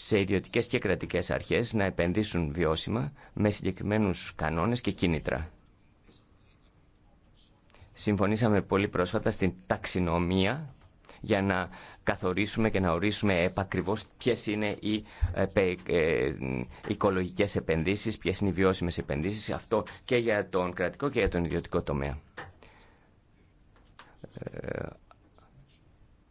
σε ιδιωτικές και κρατικές αρχές να επενδύσουν βιώσιμα με συγκεκριμένους κανόνες και κίνητρα. Συμφωνήσαμε πολύ πρόσφατα στην ταξινομία για να καθορίσουμε και να ορίσουμε επακριβώς ποιες είναι οι ε, ε, οικολογικές επενδύσεις, ποιες είναι οι βιώσιμες επενδύσεις, αυτό και για τον κρατικό και για τον ιδιωτικό τομέα. Ε,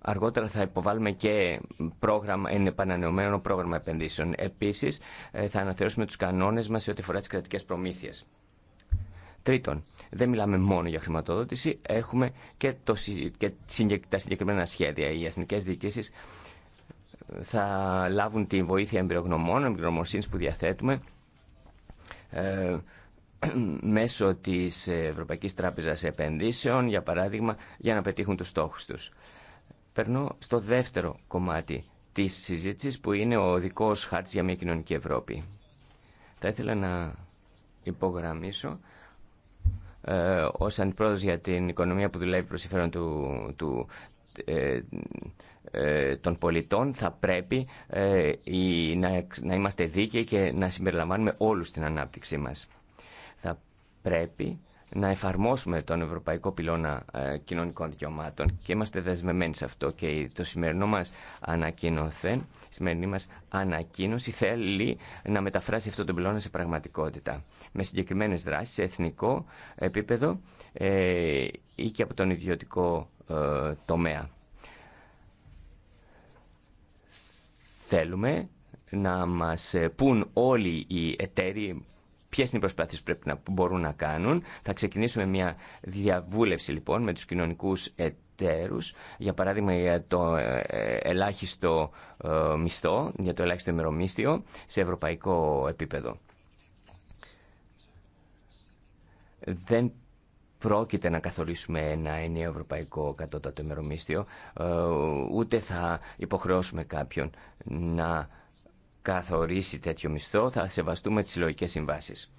Αργότερα θα υποβάλουμε και πρόγραμμα, επανανεωμένο πρόγραμμα επενδύσεων. Επίσης, ε, θα αναθεώσουμε τους κανόνες μας σε ό,τι αφορά τις κρατικές προμήθειες. Τρίτον, δεν μιλάμε μόνο για χρηματοδότηση, έχουμε και, το, και τα συγκεκριμένα σχέδια. Οι εθνικές διοικήσεις ε, θα λάβουν τη βοήθεια εμπειρογνωμών, εμπειρογνωμοσύνης που διαθέτουμε, ε, μέσω της Ευρωπαϊκής Τράπεζας Επενδύσεων, για παράδειγμα, για να πετύχουν τους στόχους τους. Περνώ στο δεύτερο κομμάτι της συζήτησης που είναι ο δικός χάρτης για μια κοινωνική Ευρώπη. Θα ήθελα να υπογραμμίσω ε, ως για την οικονομία που δουλεύει προς συμφέρον του, ε, ε, των πολιτών θα πρέπει ε, να, να είμαστε δίκαιοι και να συμπεριλαμβάνουμε όλους την ανάπτυξή μας. Θα πρέπει να εφαρμόσουμε τον Ευρωπαϊκό Πυλώνα ε, Κοινωνικών Δικαιωμάτων και είμαστε δεσμεμένοι σε αυτό και το σημερινό μας ανακοίνωθεν, η σημερινή μας ανακοίνωση θέλει να μεταφράσει αυτό τον πυλώνα σε πραγματικότητα με συγκεκριμένες δράσεις σε εθνικό επίπεδο ε, ή και από τον ιδιωτικό ε, τομέα. Θέλουμε να μας πούν όλοι οι εταίροι ποιε είναι οι προσπάθειε που πρέπει να μπορούν να κάνουν. Θα ξεκινήσουμε μια διαβούλευση λοιπόν με του κοινωνικού εταίρου, για παράδειγμα για το ε, ε, ελάχιστο ε, μισθό, για το ελάχιστο ημερομίσθιο σε ευρωπαϊκό επίπεδο. Δεν πρόκειται να καθορίσουμε ένα ενιαίο ευρωπαϊκό κατώτατο ημερομίσθιο, ούτε θα υποχρεώσουμε κάποιον να καθορίσει τέτοιο μισθό, θα σεβαστούμε τις συλλογικές συμβάσεις.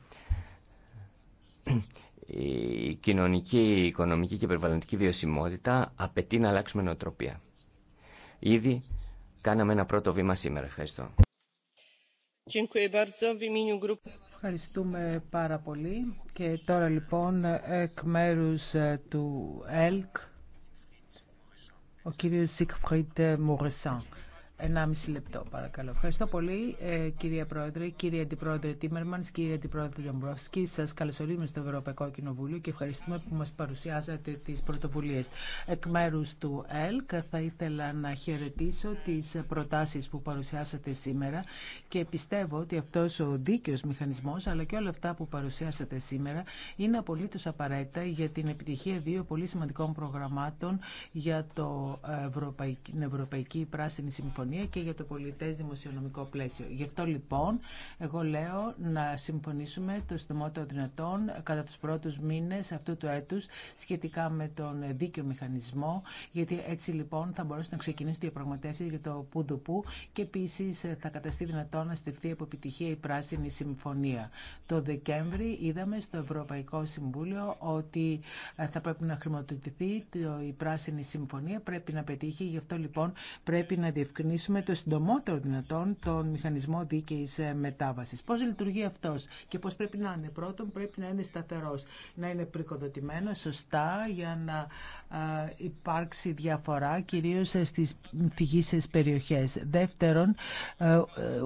Η κοινωνική, οικονομική και περιβαλλοντική βιωσιμότητα απαιτεί να αλλάξουμε νοοτροπία. Ήδη κάναμε ένα πρώτο βήμα σήμερα. Ευχαριστώ. Ευχαριστούμε πάρα πολύ. Και τώρα λοιπόν εκ μέρου ε, του ΕΛΚ ο κύριος Σικφρίτ Μουρεσάν. 1,5 λεπτό παρακαλώ. Ευχαριστώ πολύ κύριε Πρόεδρε, κύριε Αντιπρόεδρε Τίμερμαν, κύριε Αντιπρόεδρε Λομπρόφσκι. σα καλωσορίζουμε στο Ευρωπαϊκό Κοινοβούλιο και ευχαριστούμε που μα παρουσιάσατε τι πρωτοβουλίε Εκ μέρου του ΕΛΚ θα ήθελα να χαιρετήσω τι προτάσει που παρουσιάσατε σήμερα και πιστεύω ότι αυτό ο δίκαιο μηχανισμό, αλλά και όλα αυτά που παρουσιάσατε σήμερα είναι απολύτω απαραίτητα για την επιτυχία δύο πολύ σημαντικών προγραμμάτων για το Ευρωπαϊκή Πράσινη Συμφωνία και για το πολιτές δημοσιονομικό πλαίσιο. Γι' αυτό λοιπόν εγώ λέω να συμφωνήσουμε το των δυνατόν κατά τους πρώτους μήνες αυτού του έτους σχετικά με τον δίκαιο μηχανισμό γιατί έτσι λοιπόν θα μπορέσουν να ξεκινήσουν διαπραγματεύσει για το πουδουπού και επίση θα καταστεί δυνατόν να στεφθεί από επιτυχία η Πράσινη Συμφωνία. Το Δεκέμβρη είδαμε στο Ευρωπαϊκό Συμβούλιο ότι θα πρέπει να χρηματοδοτηθεί η Πράσινη Συμφωνία, πρέπει να πετύχει, γι' αυτό λοιπόν πρέπει να διευκρινίσουμε ξεκινήσουμε το συντομότερο δυνατόν τον μηχανισμό δίκαιη ε, μετάβαση. Πώ λειτουργεί αυτό και πώ πρέπει να είναι. Πρώτον, πρέπει να είναι σταθερό, να είναι πρικοδοτημένο σωστά για να ε, υπάρξει διαφορά, κυρίως ε, στις φυγήσει περιοχές. Δεύτερον,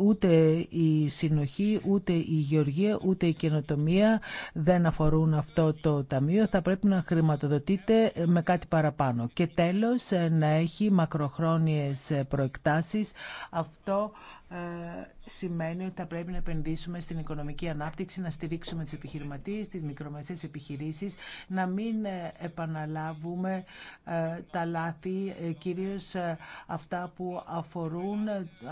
ούτε η συνοχή, ούτε η γεωργία, ούτε η καινοτομία δεν αφορούν αυτό το ταμείο. Θα πρέπει να χρηματοδοτείται με κάτι παραπάνω. Και τέλο, να έχει μακροχρόνιε προεκτάσει αποφάσεις. Αυτό ε, σημαίνει ότι θα πρέπει να επενδύσουμε στην οικονομική ανάπτυξη, να στηρίξουμε τις επιχειρηματίες, τις μικρομεσαίες επιχειρήσεις, να μην ε, επαναλάβουμε ε, τα λάθη, κυρίως αυτά που αφορούν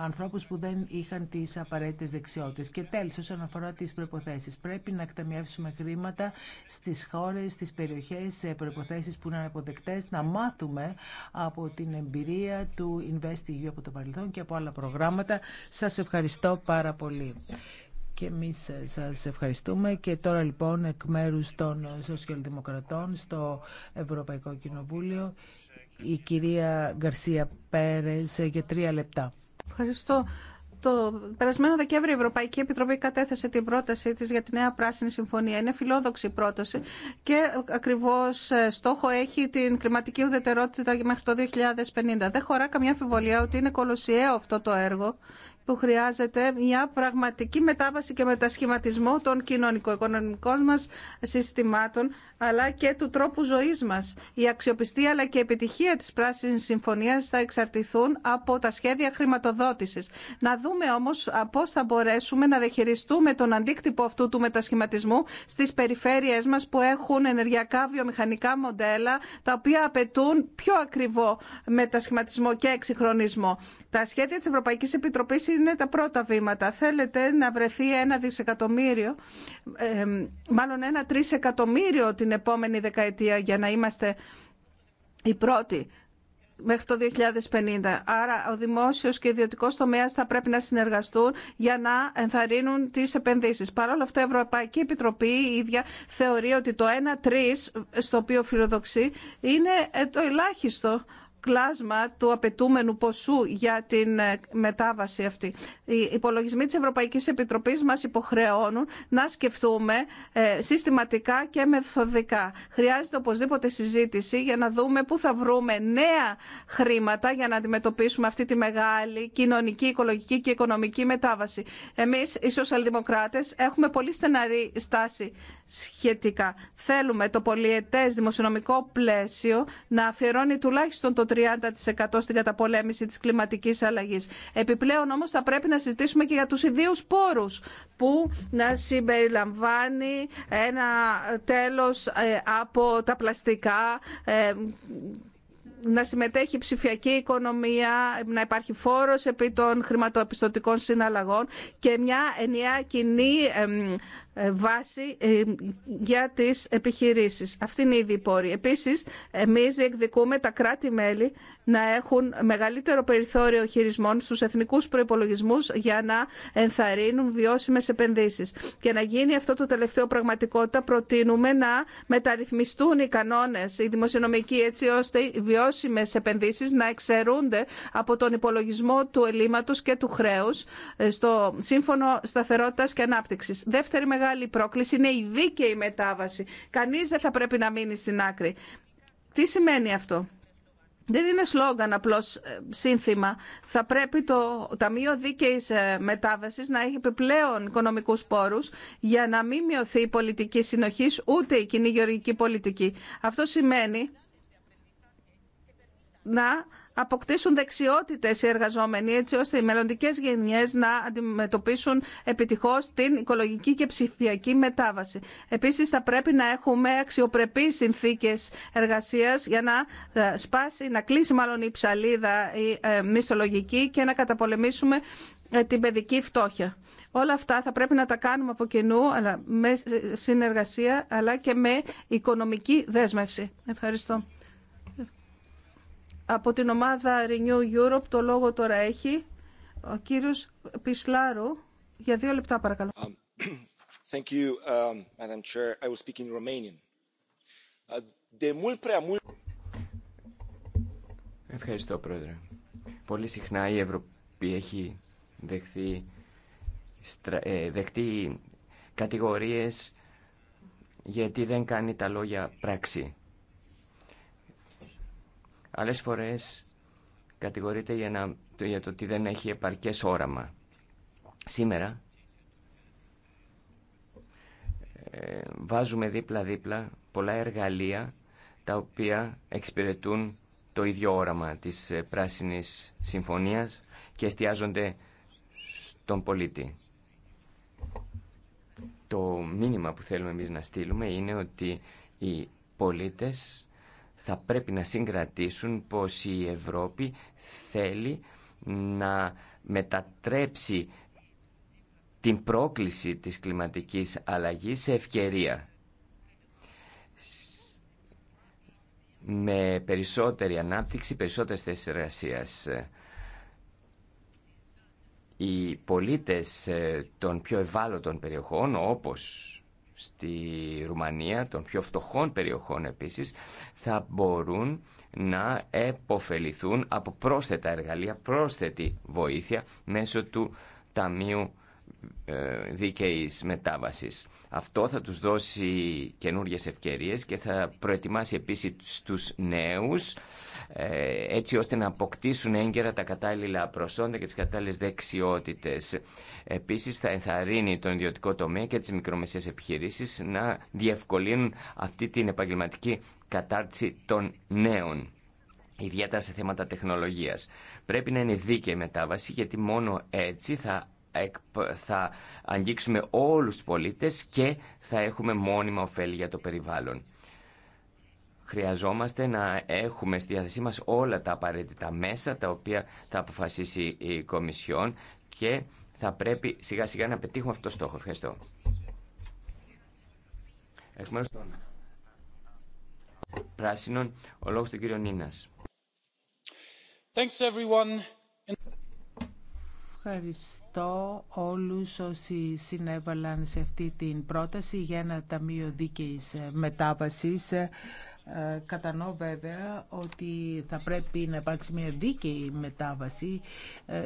ανθρώπους που δεν είχαν τις απαραίτητες δεξιότητες. Και τέλος, όσον αφορά τις προϋποθέσεις, πρέπει να εκταμιεύσουμε χρήματα στις χώρες, στις περιοχές, σε προϋποθέσεις που είναι αποδεκτές, να μάθουμε από την εμπειρία του InvestEU από το παρελθόν και από άλλα προγράμματα σας ευχαριστώ πάρα πολύ. Και εμεί σα ευχαριστούμε. Και τώρα λοιπόν εκ μέρου των Σοσιαλδημοκρατών στο Ευρωπαϊκό Κοινοβούλιο η κυρία Γκαρσία Πέρε, για τρία λεπτά. Ευχαριστώ. Το περασμένο Δεκέμβρη η Ευρωπαϊκή Επιτροπή κατέθεσε την πρότασή της για τη νέα πράσινη συμφωνία. Είναι φιλόδοξη η πρόταση και ακριβώς ε, στόχο έχει την κλιματική ουδετερότητα μέχρι το 2050. Δεν χωρά καμιά αμφιβολία ότι είναι κολοσιαίο αυτό το έργο που χρειάζεται μια πραγματική μετάβαση και μετασχηματισμό των κοινωνικο-οικονομικών μας συστημάτων αλλά και του τρόπου ζωή μα. Η αξιοπιστία αλλά και η επιτυχία τη πράσινη συμφωνία, θα εξαρτηθούν από τα σχέδια χρηματοδότηση. Να δούμε όμω πώ θα μπορέσουμε να διαχειριστούμε τον αντίκτυπο αυτού του μετασχηματισμού στι περιφέρειές μα που έχουν ενεργειακά βιομηχανικά μοντέλα τα οποία απαιτούν πιο ακριβό μετασχηματισμό και εξυγχρονισμό. Τα σχέδια τη Ευρωπαϊκή Επιτροπή είναι τα πρώτα βήματα. Θέλετε να βρεθεί ένα δισεκατομμύριο, ε, μάλλον ένα τρισεκατομμύριο την επόμενη δεκαετία για να είμαστε οι πρώτοι μέχρι το 2050. Άρα ο δημόσιος και ιδιωτικός τομέας θα πρέπει να συνεργαστούν για να ενθαρρύνουν τις επενδύσεις. Παρ' όλα αυτά η Ευρωπαϊκή Επιτροπή η ίδια θεωρεί ότι το 1-3 στο οποίο φιλοδοξεί είναι ε, το ελάχιστο κλάσμα του απαιτούμενου ποσού για την ε, μετάβαση αυτή. Οι υπολογισμοί της Ευρωπαϊκής Επιτροπής μας υποχρεώνουν να σκεφτούμε ε, συστηματικά και μεθοδικά. Χρειάζεται οπωσδήποτε συζήτηση για να δούμε πού θα βρούμε νέα χρήματα για να αντιμετωπίσουμε αυτή τη μεγάλη κοινωνική, οικολογική και οικονομική μετάβαση. Εμείς οι σοσιαλδημοκράτες έχουμε πολύ στεναρή στάση σχετικά. Θέλουμε το πολιετές δημοσιονομικό πλαίσιο να αφιερώνει τουλάχιστον το 30% στην καταπολέμηση της κλιματικής αλλαγής. Επιπλέον όμως θα πρέπει να συζητήσουμε και για τους ιδίους πόρους που να συμπεριλαμβάνει ένα τέλος ε, από τα πλαστικά ε, να συμμετέχει η ψηφιακή οικονομία, να υπάρχει φόρος επί των χρηματοπιστωτικών συναλλαγών και μια ενιαία κοινή ε, βάση ε, για τις επιχειρήσεις. Αυτή είναι η διπόρη. Επίσης, εμείς διεκδικούμε τα κράτη-μέλη να έχουν μεγαλύτερο περιθώριο χειρισμών στους εθνικούς προϋπολογισμούς για να ενθαρρύνουν βιώσιμες επενδύσεις. Και να γίνει αυτό το τελευταίο πραγματικότητα, προτείνουμε να μεταρρυθμιστούν οι κανόνες, οι δημοσιονομικοί, έτσι ώστε οι βιώσιμες επενδύσεις να εξαιρούνται από τον υπολογισμό του ελλείμματος και του χρέους ε, στο Σύμφωνο Σταθερότητας και Ανάπτυξης. Δεύτερη μεγάλη πρόκληση είναι η δίκαιη μετάβαση. Κανείς δεν θα πρέπει να μείνει στην άκρη. Τι σημαίνει αυτό. Δεν είναι σλόγγαν απλώς ε, σύνθημα. Θα πρέπει το Ταμείο Δίκαιης ε, Μετάβασης να έχει επιπλέον οικονομικούς πόρους για να μην μειωθεί η πολιτική συνοχή ούτε η κοινή γεωργική πολιτική. Αυτό σημαίνει να αποκτήσουν δεξιότητες οι εργαζόμενοι έτσι ώστε οι μελλοντικές γενιές να αντιμετωπίσουν επιτυχώς την οικολογική και ψηφιακή μετάβαση. Επίσης θα πρέπει να έχουμε αξιοπρεπείς συνθήκες εργασίας για να ε, σπάσει, να κλείσει μάλλον η ψαλίδα η ε, μισολογική και να καταπολεμήσουμε ε, την παιδική φτώχεια. Όλα αυτά θα πρέπει να τα κάνουμε από κοινού, με συνεργασία, αλλά και με οικονομική δέσμευση. Ευχαριστώ. Από την ομάδα Renew Europe το λόγο τώρα έχει ο κύριος Πισλάρου. Για δύο λεπτά παρακαλώ. Um, thank you, um, Madam Chair. I uh, prea mult... Ευχαριστώ, Πρόεδρε. Πολύ συχνά η Ευρώπη έχει δεχθεί, ε, δεχτεί κατηγορίες γιατί δεν κάνει τα λόγια πράξη. Άλλε φορέ κατηγορείται για, να, για το ότι δεν έχει επαρκές όραμα. Σήμερα ε, βάζουμε δίπλα-δίπλα πολλά εργαλεία τα οποία εξυπηρετούν το ίδιο όραμα της ε, Πράσινης Συμφωνίας και εστιάζονται στον πολίτη. Το μήνυμα που θέλουμε εμείς να στείλουμε είναι ότι οι πολίτες θα πρέπει να συγκρατήσουν πως η Ευρώπη θέλει να μετατρέψει την πρόκληση της κλιματικής αλλαγής σε ευκαιρία. Με περισσότερη ανάπτυξη, περισσότερες θέσεις εργασίας. Οι πολίτες ε, των πιο ευάλωτων περιοχών, όπως στη Ρουμανία, των πιο φτωχών περιοχών επίσης, θα μπορούν να επωφεληθούν από πρόσθετα εργαλεία, πρόσθετη βοήθεια μέσω του Ταμείου ε, δίκαιης μετάβασης. Αυτό θα τους δώσει καινούριες ευκαιρίες και θα προετοιμάσει επίσης τους νέους ε, έτσι ώστε να αποκτήσουν έγκαιρα τα κατάλληλα προσόντα και τις κατάλληλες δεξιότητες. Επίσης θα ενθαρρύνει τον ιδιωτικό τομέα και τις μικρομεσαίες επιχειρήσεις να διευκολύνουν αυτή την επαγγελματική κατάρτιση των νέων ιδιαίτερα σε θέματα τεχνολογίας. Πρέπει να είναι δίκαιη μετάβαση γιατί μόνο έτσι θα θα αγγίξουμε όλους τους πολίτες και θα έχουμε μόνιμα ωφέλη για το περιβάλλον. Χρειαζόμαστε να έχουμε στη διάθεσή μας όλα τα απαραίτητα μέσα τα οποία θα αποφασίσει η Κομισιόν και θα πρέπει σιγά σιγά να πετύχουμε αυτό το στόχο. Ευχαριστώ. ο λόγος του κύριο Νίνας. Ευχαριστώ όλους όσοι συνέβαλαν σε αυτή την πρόταση για ένα ταμείο δίκαιης μετάβασης. Ε, κατανοώ βέβαια ότι θα πρέπει να υπάρξει μια δίκαιη μετάβαση ε,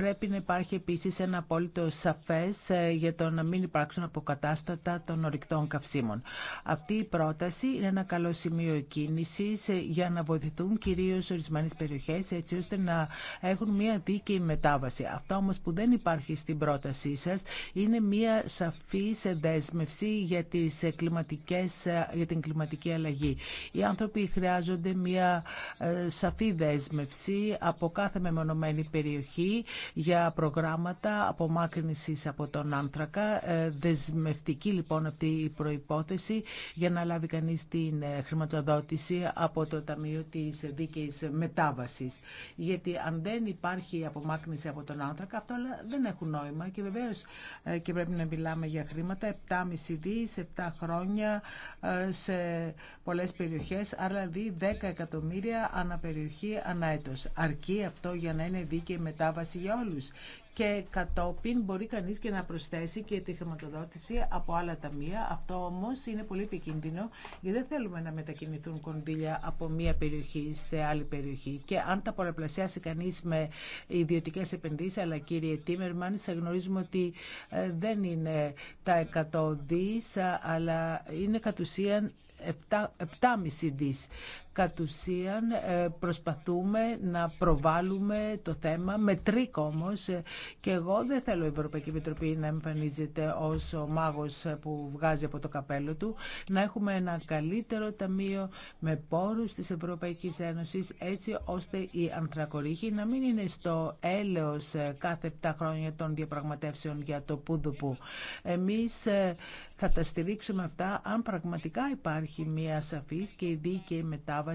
Πρέπει να υπάρχει επίσης ένα απόλυτο σαφές ε, για το να μην υπάρξουν αποκατάστατα των ορυκτών καυσίμων. Αυτή η πρόταση είναι ένα καλό σημείο κίνηση ε, για να βοηθηθούν κυρίως ορισμένες περιοχές έτσι ώστε να έχουν μια δίκαιη μετάβαση. Αυτό όμως που δεν υπάρχει στην πρότασή σας είναι μια σαφή ε, δέσμευση για, τις κλιματικές, για την κλιματική αλλαγή. Οι άνθρωποι χρειάζονται μια σαφή δέσμευση από κάθε μεμονωμένη περιοχή για προγράμματα απομάκρυνσης από τον άνθρακα. Ε, δεσμευτική λοιπόν αυτή η προϋπόθεση για να λάβει κανείς την ε, χρηματοδότηση από το Ταμείο της Δίκαιης Μετάβασης. Γιατί αν δεν υπάρχει απομάκρυνση από τον άνθρακα, αυτό δεν έχουν νόημα και βεβαίω ε, και πρέπει να μιλάμε για χρήματα 7,5 σε 7 χρόνια σε πολλές περιοχές, άρα δηλαδή 10 εκατομμύρια αναπεριοχή ανά έτος. Αρκεί αυτό για να είναι δίκαιη μετάβαση για και κατόπιν μπορεί κανείς και να προσθέσει και τη χρηματοδότηση από άλλα ταμεία. Αυτό όμως είναι πολύ επικίνδυνο γιατί δεν θέλουμε να μετακινηθούν κονδύλια από μία περιοχή σε άλλη περιοχή. Και αν τα πολλαπλασιάσει κανείς με ιδιωτικέ επενδύσεις, αλλά κύριε Τίμερμαν, σε γνωρίζουμε ότι ε, δεν είναι τα 100 δις, αλλά είναι κατ' ουσίαν 7,5 δις κατ' ουσίαν ε, προσπαθούμε να προβάλλουμε το θέμα με τρίκο όμως ε, και εγώ δεν θέλω η Ευρωπαϊκή Επιτροπή να εμφανίζεται ως ο μάγος που βγάζει από το καπέλο του να έχουμε ένα καλύτερο ταμείο με πόρους της Ευρωπαϊκής Ένωσης έτσι ώστε οι ανθρακορίχοι να μην είναι στο έλεος ε, κάθε 7 χρόνια των διαπραγματεύσεων για το πουδουπού. Εμείς θα τα στηρίξουμε αυτά αν πραγματικά υπάρχει μια σαφής και δίκαιη μετάβαση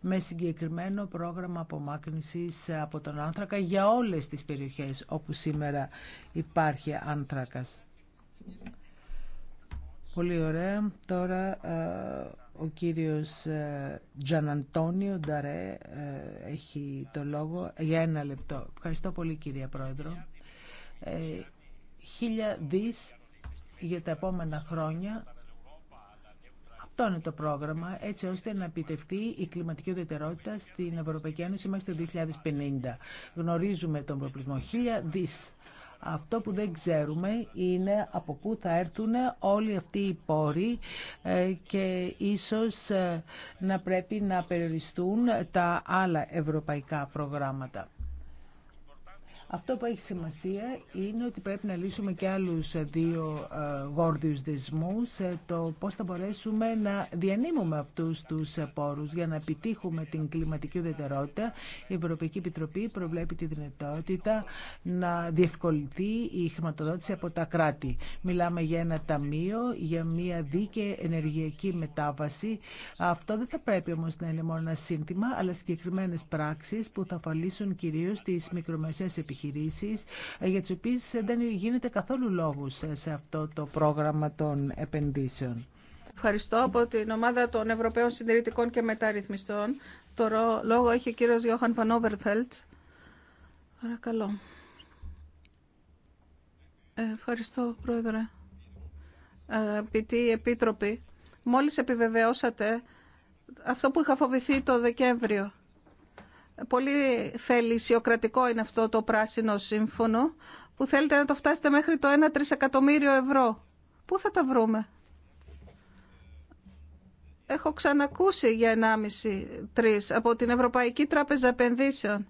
με συγκεκριμένο πρόγραμμα απομάκρυνσης από τον άνθρακα για όλες τις περιοχές όπου σήμερα υπάρχει άνθρακας. Πολύ ωραία. Τώρα ε, ο κύριος ε, Αντώνιο Νταρέ ε, έχει το λόγο για ένα λεπτό. Ευχαριστώ πολύ κύριε Πρόεδρο. Χίλια δις για τα επόμενα χρόνια αυτό είναι το πρόγραμμα έτσι ώστε να επιτευχθεί η κλιματική οδετερότητα στην Ευρωπαϊκή Ένωση μέχρι το 2050. Γνωρίζουμε τον προπλησμό χίλια δις. Αυτό που δεν ξέρουμε είναι από πού θα έρθουν όλοι αυτοί οι πόροι ε, και ίσως ε, να πρέπει να περιοριστούν τα άλλα ευρωπαϊκά προγράμματα. Αυτό που έχει σημασία είναι ότι πρέπει να λύσουμε και άλλους δύο ε, γόρδιους δεσμούς, ε, το πώς θα μπορέσουμε να διανύμουμε αυτούς τους πόρους για να επιτύχουμε την κλιματική ουδετερότητα. Η Ευρωπαϊκή Επιτροπή προβλέπει τη δυνατότητα να διευκολυνθεί η χρηματοδότηση από τα κράτη. Μιλάμε για ένα ταμείο, για μια δίκαιη ενεργειακή μετάβαση. Αυτό δεν θα πρέπει όμως να είναι μόνο ένα σύνθημα, αλλά συγκεκριμένες πράξεις που θα φαλίσουν κυρίως τις μικρομεσαίες επιχειρήσεις ε, για τις οποίες δεν γίνεται καθόλου λόγους σε αυτό το πρόγραμμα των επενδύσεων. Ευχαριστώ από την ομάδα των Ευρωπαίων Συντηρητικών και Μεταρρυθμιστών. Το λόγο έχει ο κύριος Γιώχαν Πανόβερφελτ. Παρακαλώ. Ε, ευχαριστώ, Πρόεδρε. Αγαπητοί Επίτροποι, μόλις επιβεβαιώσατε αυτό που είχα φοβηθεί το Δεκέμβριο πολύ θελησιοκρατικό είναι αυτό το πράσινο σύμφωνο που θέλετε να το φτάσετε μέχρι το 1 τρισεκατομμύριο ευρώ. Πού θα τα βρούμε. Έχω ξανακούσει για 1,5-3 από την Ευρωπαϊκή Τράπεζα Επενδύσεων.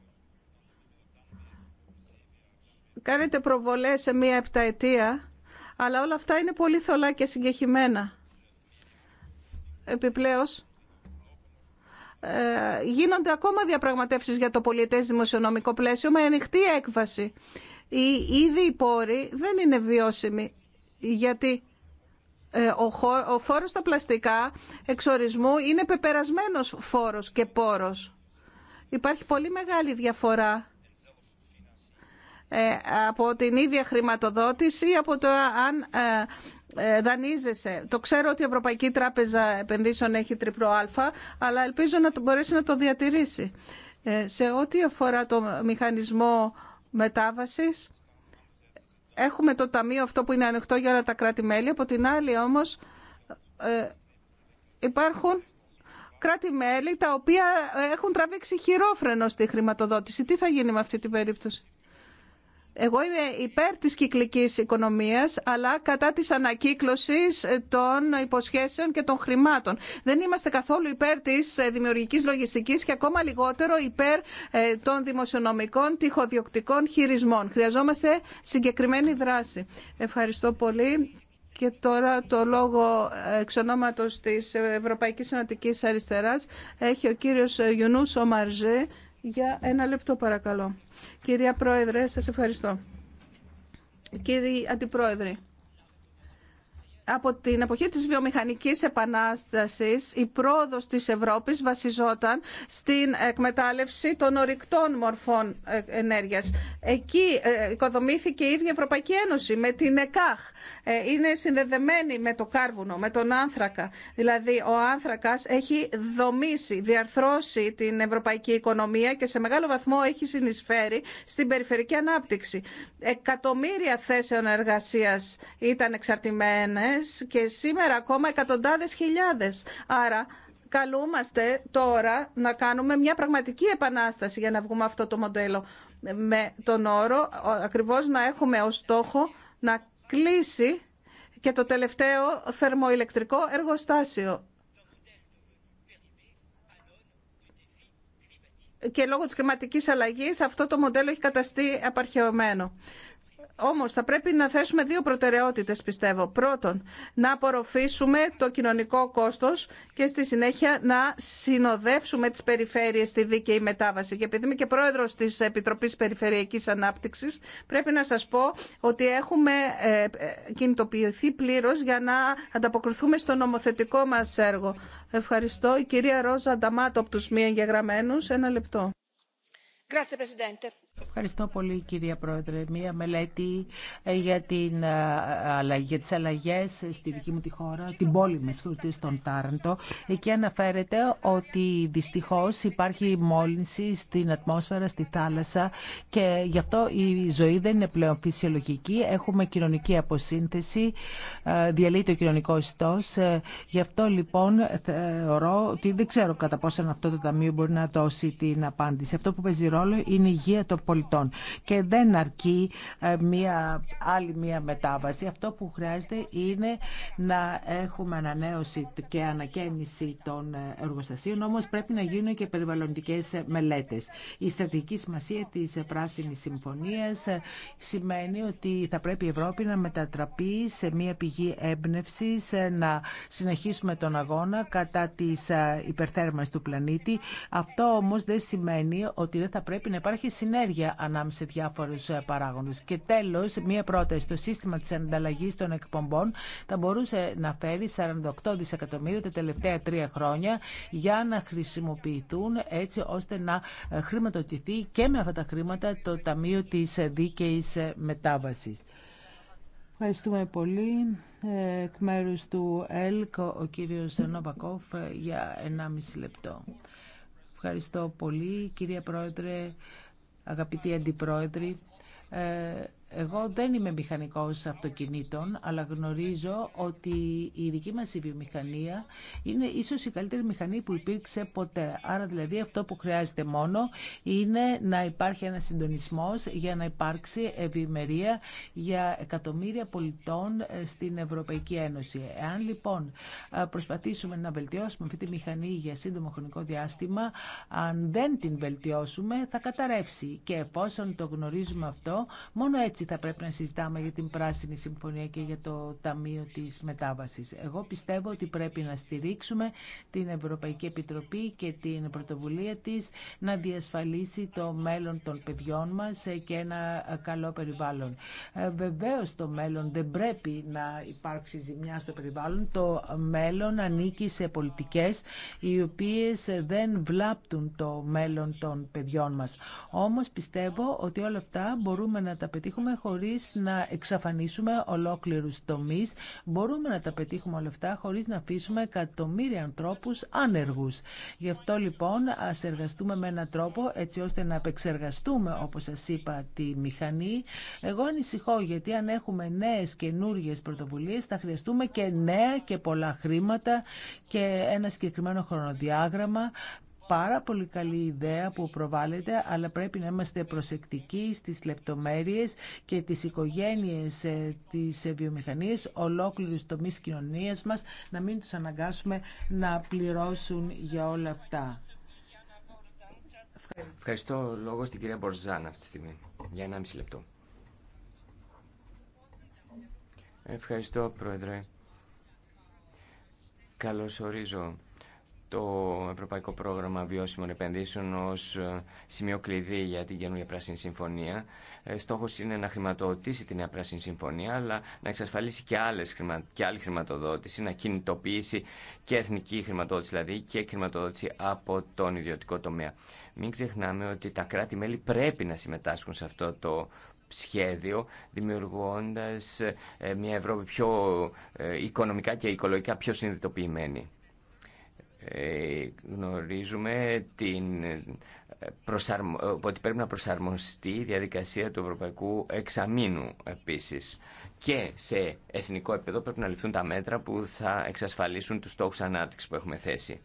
Κάνετε προβολές σε μία επταετία, αλλά όλα αυτά είναι πολύ θολά και συγκεχημένα. Επιπλέον, ε, γίνονται ακόμα διαπραγματεύσεις για το πολιτές δημοσιονομικό πλαίσιο με ανοιχτή έκβαση. Οι ήδη οι πόροι δεν είναι βιώσιμοι γιατί ε, ο φόρος στα πλαστικά εξορισμού είναι πεπερασμένος φόρος και πόρος. Υπάρχει πολύ μεγάλη διαφορά ε, από την ίδια χρηματοδότηση από το αν ε, δανείζεσαι. Το ξέρω ότι η Ευρωπαϊκή Τράπεζα Επενδύσεων έχει τριπλό α, αλλά ελπίζω να μπορέσει να το διατηρήσει. Ε, σε ό,τι αφορά το μηχανισμό μετάβασης, έχουμε το ταμείο αυτό που είναι ανοιχτό για όλα τα κράτη-μέλη. Από την άλλη όμως ε, υπάρχουν κράτη-μέλη τα οποία έχουν τραβήξει χειρόφρενο στη χρηματοδότηση. Τι θα γίνει με αυτή την περίπτωση. Εγώ είμαι υπέρ της κυκλικής οικονομίας, αλλά κατά της ανακύκλωσης των υποσχέσεων και των χρημάτων. Δεν είμαστε καθόλου υπέρ της ε, δημιουργικής λογιστικής και ακόμα λιγότερο υπέρ ε, των δημοσιονομικών τυχοδιοκτικών χειρισμών. Χρειαζόμαστε συγκεκριμένη δράση. Ευχαριστώ πολύ. Και τώρα το λόγο ε, εξ της Ευρωπαϊκής Ενωτικής Αριστεράς έχει ο κύριος Γιουνούς Ομαρζέ για ένα λεπτό παρακαλώ. Κυρία Πρόεδρε, σας ευχαριστώ. Κύριοι Αντιπρόεδρε από την εποχή της βιομηχανικής επανάστασης η πρόοδος της Ευρώπης βασιζόταν στην εκμετάλλευση των ορυκτών μορφών ε, ενέργειας. Εκεί ε, οικοδομήθηκε η ίδια η Ευρωπαϊκή Ένωση με την ΕΚΑΧ. Ε, είναι συνδεδεμένη με το κάρβουνο, με τον άνθρακα. Δηλαδή ο άνθρακας έχει δομήσει, διαρθρώσει την ευρωπαϊκή οικονομία και σε μεγάλο βαθμό έχει συνεισφέρει στην περιφερική ανάπτυξη. Εκατομμύρια θέσεων εργασίας ήταν εξαρτημένες και σήμερα ακόμα εκατοντάδες χιλιάδες. Άρα καλούμαστε τώρα να κάνουμε μια πραγματική επανάσταση για να βγούμε αυτό το μοντέλο με τον όρο ακριβώς να έχουμε ως στόχο να κλείσει και το τελευταίο θερμοηλεκτρικό εργοστάσιο. Και λόγω της κλιματικής αλλαγής αυτό το μοντέλο έχει καταστεί απαρχαιωμένο. Όμως θα πρέπει να θέσουμε δύο προτεραιότητες πιστεύω. Πρώτον, να απορροφήσουμε το κοινωνικό κόστος και στη συνέχεια να συνοδεύσουμε τις περιφέρειες στη δίκαιη μετάβαση. Και επειδή είμαι και πρόεδρος της Επιτροπής Περιφερειακής Ανάπτυξης, πρέπει να σας πω ότι έχουμε ε, ε, κινητοποιηθεί πλήρως για να ανταποκριθούμε στο νομοθετικό μας έργο. Ευχαριστώ. Η κυρία Ρόζα Νταμάτο από τους μη εγγεγραμμένους. Ένα λεπτό. Ευχαριστώ πολύ κυρία Πρόεδρε. Μία μελέτη ε, για, την, ε, για τις αλλαγές στη δική μου τη χώρα, την πόλη με στον Τάραντο. Εκεί αναφέρεται ότι δυστυχώς υπάρχει μόλυνση στην ατμόσφαιρα, στη θάλασσα και γι' αυτό η ζωή δεν είναι πλέον φυσιολογική. Έχουμε κοινωνική αποσύνθεση, ε, διαλύει το κοινωνικό ιστός. Γι' αυτό λοιπόν θεωρώ ότι δεν ξέρω κατά πόσο αυτό το ταμείο μπορεί να δώσει την απάντηση. Αυτό που παίζει ρόλο είναι η υγεία των και δεν αρκεί ε, μία, άλλη μία μετάβαση. Αυτό που χρειάζεται είναι να έχουμε ανανέωση και ανακαίνιση των ε, εργοστασίων, όμως πρέπει να γίνουν και περιβαλλοντικές μελέτες. Η στρατηγική σημασία της Πράσινης Συμφωνίας ε, σημαίνει ότι θα πρέπει η Ευρώπη να μετατραπεί σε μία πηγή έμπνευση, να συνεχίσουμε τον αγώνα κατά της υπερθέρμανσης του πλανήτη. Αυτό όμως δεν σημαίνει ότι δεν θα πρέπει να υπάρχει συνέργεια για ανάμεσα σε ε, παράγοντε. Και τέλο, μία πρόταση. Το σύστημα τη ανταλλαγή των εκπομπών θα μπορούσε να φέρει 48 δισεκατομμύρια τα τελευταία τρία χρόνια για να χρησιμοποιηθούν έτσι ώστε να ε, χρηματοδοτηθεί και με αυτά τα χρήματα το Ταμείο τη Δίκαιη μετάβαση. Ευχαριστούμε πολύ. Ε, εκ μέρου του ΕΛΚ, ο κύριος Νοβακόφ για 1,5 λεπτό. Ευχαριστώ πολύ, κυρία Πρόεδρε, αγαπητοί αντιπρόεδροι, ε, εγώ δεν είμαι μηχανικός αυτοκινήτων, αλλά γνωρίζω ότι η δική μας βιομηχανία είναι ίσως η καλύτερη μηχανή που υπήρξε ποτέ. Άρα δηλαδή αυτό που χρειάζεται μόνο είναι να υπάρχει ένα συντονισμός για να υπάρξει ευημερία για εκατομμύρια πολιτών ε, στην Ευρωπαϊκή Ένωση. Εάν λοιπόν ε, προσπαθήσουμε να βελτιώσουμε αυτή τη μηχανή για σύντομο χρονικό διάστημα, αν δεν την βελτιώσουμε θα καταρρεύσει. Και εφόσον το γνωρίζουμε αυτό, μόνο έτσι θα πρέπει να συζητάμε για την Πράσινη Συμφωνία και για το Ταμείο της Μετάβασης. Εγώ πιστεύω ότι πρέπει να στηρίξουμε την Ευρωπαϊκή Επιτροπή και την πρωτοβουλία της να διασφαλίσει το μέλλον των παιδιών μας και ένα καλό περιβάλλον. Ε, βεβαίως το μέλλον δεν πρέπει να υπάρξει ζημιά στο περιβάλλον. Το μέλλον ανήκει σε πολιτικές οι οποίες δεν βλάπτουν το μέλλον των παιδιών μας. Όμως πιστεύω ότι όλα αυτά μπορούμε να τα πετύχουμε πετύχουμε χωρίς να εξαφανίσουμε ολόκληρους τομείς. Μπορούμε να τα πετύχουμε όλα αυτά χωρίς να αφήσουμε εκατομμύρια ανθρώπους άνεργους. Γι' αυτό λοιπόν ας εργαστούμε με έναν τρόπο έτσι ώστε να απεξεργαστούμε όπως σας είπα τη μηχανή. Εγώ ανησυχώ γιατί αν έχουμε νέες καινούργιες πρωτοβουλίες θα χρειαστούμε και νέα και πολλά χρήματα και ένα συγκεκριμένο χρονοδιάγραμμα πάρα πολύ καλή ιδέα που προβάλλεται, αλλά πρέπει να είμαστε προσεκτικοί στις λεπτομέρειες και τις οικογένειες ε, της ε, βιομηχανίας, ολόκληρους τομείς κοινωνίας μας, να μην τους αναγκάσουμε να πληρώσουν για όλα αυτά. Ευχαριστώ λόγο στην κυρία Μπορζάν αυτή τη στιγμή, για 1,5 λεπτό. Ευχαριστώ, Πρόεδρε. ορίζω το Ευρωπαϊκό Πρόγραμμα Βιώσιμων Επενδύσεων ως ε, σημείο κλειδί για την καινούργια Πράσινη Συμφωνία. Ε, στόχος είναι να χρηματοδοτήσει την Νέα Πράσινη Συμφωνία, αλλά να εξασφαλίσει και, άλλες, και άλλη χρηματοδότηση, να κινητοποιήσει και εθνική χρηματοδότηση, δηλαδή και χρηματοδότηση από τον ιδιωτικό τομέα. Μην ξεχνάμε ότι τα κράτη-μέλη πρέπει να συμμετάσχουν σε αυτό το σχέδιο, δημιουργώντας ε, μια Ευρώπη πιο οικονομικά και οικολογικά πιο συνειδητοποιημένη. Ε, γνωρίζουμε την ε, προσαρμο... ότι πρέπει να προσαρμοστεί η διαδικασία του Ευρωπαϊκού Εξαμήνου επίσης και σε εθνικό επίπεδο πρέπει να ληφθούν τα μέτρα που θα εξασφαλίσουν τους στόχους ανάπτυξης που έχουμε θέσει.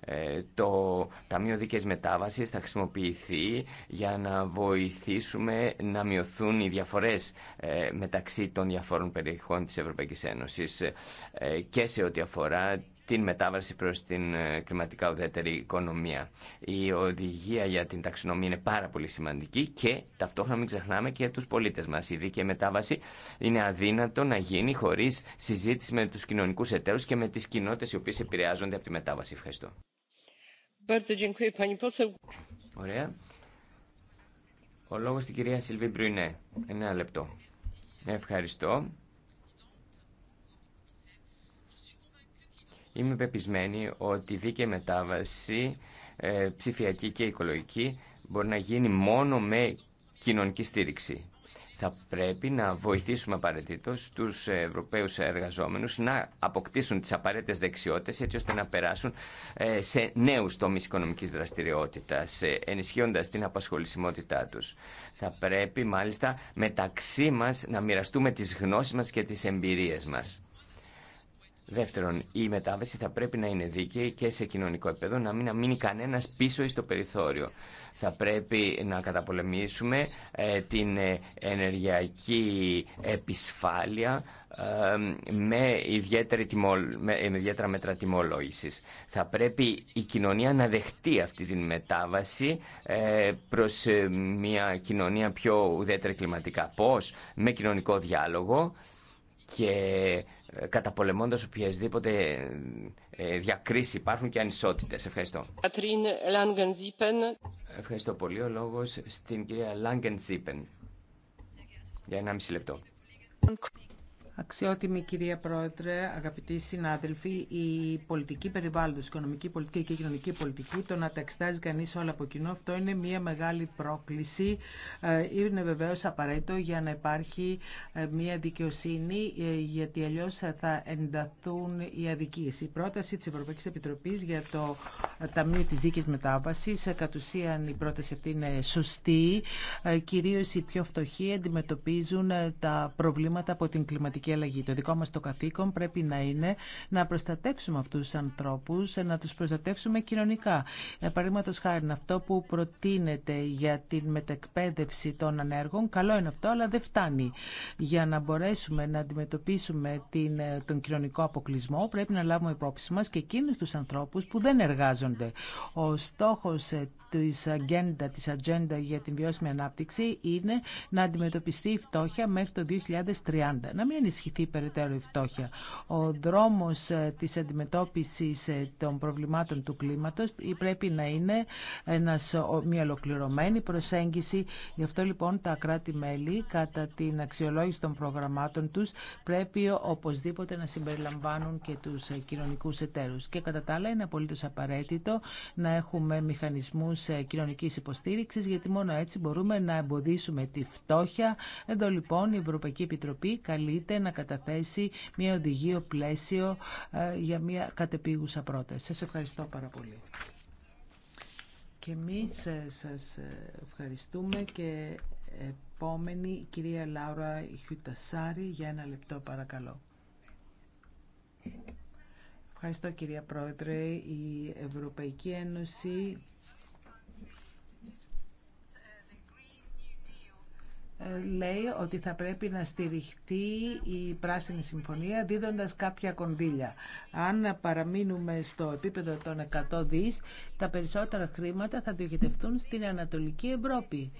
Ε, το Ταμείο Δίκαιης Μετάβασης θα χρησιμοποιηθεί για να βοηθήσουμε να μειωθούν οι διαφορές μεταξύ των διαφόρων περιοχών της Ευρωπαϊκής Ένωσης και σε ό,τι αφορά την μετάβαση προς την ε, κλιματικά ουδέτερη οικονομία. Η οδηγία για την ταξινομία είναι πάρα πολύ σημαντική και ταυτόχρονα μην ξεχνάμε και του πολίτε μα. Η δίκαιη μετάβαση είναι αδύνατο να γίνει χωρίς συζήτηση με τους κοινωνικού εταίρου και με τις κοινότητες οι οποίες επηρεάζονται από τη μετάβαση. Ευχαριστώ. Ωραία. Ο λόγος στην κυρία Σιλβή Μπρουινέ. Ένα λεπτό. Ευχαριστώ. Είμαι πεπισμένη ότι η δίκαιη μετάβαση, ε, ψηφιακή και οικολογική, μπορεί να γίνει μόνο με κοινωνική στήριξη. Θα πρέπει να βοηθήσουμε απαραίτητο τους Ευρωπαίους εργαζόμενους να αποκτήσουν τις απαραίτητες δεξιότητες έτσι ώστε να περάσουν ε, σε νέους τομεί οικονομική δραστηριότητας, ε, ενισχύοντας την απασχολησιμότητά τους. Θα πρέπει μάλιστα μεταξύ μα να μοιραστούμε τι γνώσει μα και τι εμπειρίε μα. Δεύτερον, η μετάβαση θα πρέπει να είναι δίκαιη και σε κοινωνικό επίπεδο, να μην μείνει κανένας πίσω ή στο περιθώριο. Θα πρέπει να καταπολεμήσουμε ε, την ε, ενεργειακή επισφάλεια με, ιδιαίτερη ιδιαίτερα μέτρα τιμολόγησης. Θα πρέπει η κοινωνία να δεχτεί αυτή την μετάβαση ε, προς μια κοινωνία πιο ουδέτερη κλιματικά. Πώς? Με κοινωνικό διάλογο και ε, καταπολεμώντας οποιασδήποτε ε, ε, διακρίσει, υπάρχουν και ανισότητες. Ευχαριστώ. Ευχαριστώ πολύ. Ο λόγος στην κυρία Λάγκεν Για ένα μισή λεπτό. Αξιότιμη κυρία Πρόεδρε, αγαπητοί συνάδελφοι, η πολιτική περιβάλλοντος, η οικονομική πολιτική και η κοινωνική πολιτική, το να τα εξετάζει κανεί όλα από κοινό, αυτό είναι μια μεγάλη πρόκληση. Ε, είναι βεβαίω απαραίτητο για να υπάρχει ε, μια δικαιοσύνη, ε, γιατί αλλιώ θα ενταθούν οι αδικίε. Η πρόταση τη Ευρωπαϊκή Επιτροπή για το Ταμείο τη δίκη μετάβαση. κατ' ουσίαν η πρόταση αυτή είναι σωστή. Κυρίω οι πιο φτωχοί αντιμετωπίζουν τα προβλήματα από την κλιματική κλιματική αλλαγή. Το δικό μας το καθήκον πρέπει να είναι να προστατεύσουμε αυτούς τους ανθρώπους, να τους προστατεύσουμε κοινωνικά. Ε, Παραδείγματο χάρη, αυτό που προτείνεται για την μετεκπαίδευση των ανέργων, καλό είναι αυτό, αλλά δεν φτάνει. Για να μπορέσουμε να αντιμετωπίσουμε την, ε, τον κοινωνικό αποκλεισμό, πρέπει να λάβουμε υπόψη μα και εκείνου του ανθρώπου που δεν εργάζονται. Ο στόχο. Ε, της agenda της ατζέντα για την βιώσιμη ανάπτυξη είναι να αντιμετωπιστεί η φτώχεια μέχρι το 2030. Να μην ενισχυθεί περαιτέρω η φτώχεια. Ο δρόμος ε, της αντιμετώπισης ε, των προβλημάτων του κλίματος πρέπει να είναι ένας, μια ολοκληρωμένη προσέγγιση. Γι' αυτό λοιπόν τα κράτη-μέλη κατά την αξιολόγηση των προγραμμάτων τους πρέπει οπωσδήποτε να συμπεριλαμβάνουν και τους ε, κοινωνικούς εταίρους. Και κατά τα άλλα είναι απολύτως απαραίτητο να έχουμε μηχανισμούς κοινωνικής υποστήριξης, γιατί μόνο έτσι μπορούμε να εμποδίσουμε τη φτώχεια. Εδώ λοιπόν η Ευρωπαϊκή Επιτροπή καλείται να καταθέσει μια οδηγία πλαίσιο ε, για μια κατεπίγουσα πρόταση. Σας ευχαριστώ πάρα πολύ. Και εμείς ε, σας ε, ευχαριστούμε και επόμενη κυρία Λάουρα Χιουτασάρη για ένα λεπτό παρακαλώ. Ευχαριστώ κυρία Πρόεδρε. Η Ευρωπαϊκή Ένωση λέει ότι θα πρέπει να στηριχτεί η Πράσινη Συμφωνία δίδοντας κάποια κονδύλια. Αν παραμείνουμε στο επίπεδο των 100 δις, τα περισσότερα χρήματα θα διοχετευτούν στην Ανατολική Ευρώπη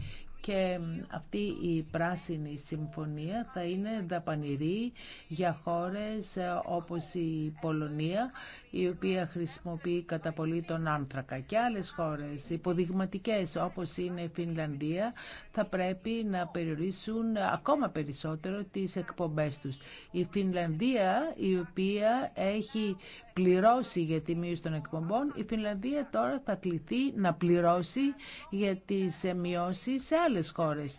και αυτή η πράσινη συμφωνία θα είναι δαπανηρή για χώρες ε, όπως η Πολωνία η οποία χρησιμοποιεί κατά πολύ τον άνθρακα. Και άλλες χώρες υποδειγματικές όπως είναι η Φινλανδία θα πρέπει να περιορίσουν ακόμα περισσότερο τις εκπομπές τους. Η Φινλανδία η οποία έχει πληρώσει για τη μείωση των εκπομπών, η Φινλανδία τώρα θα κληθεί να πληρώσει για τις μειώσει σε άλλες χώρες.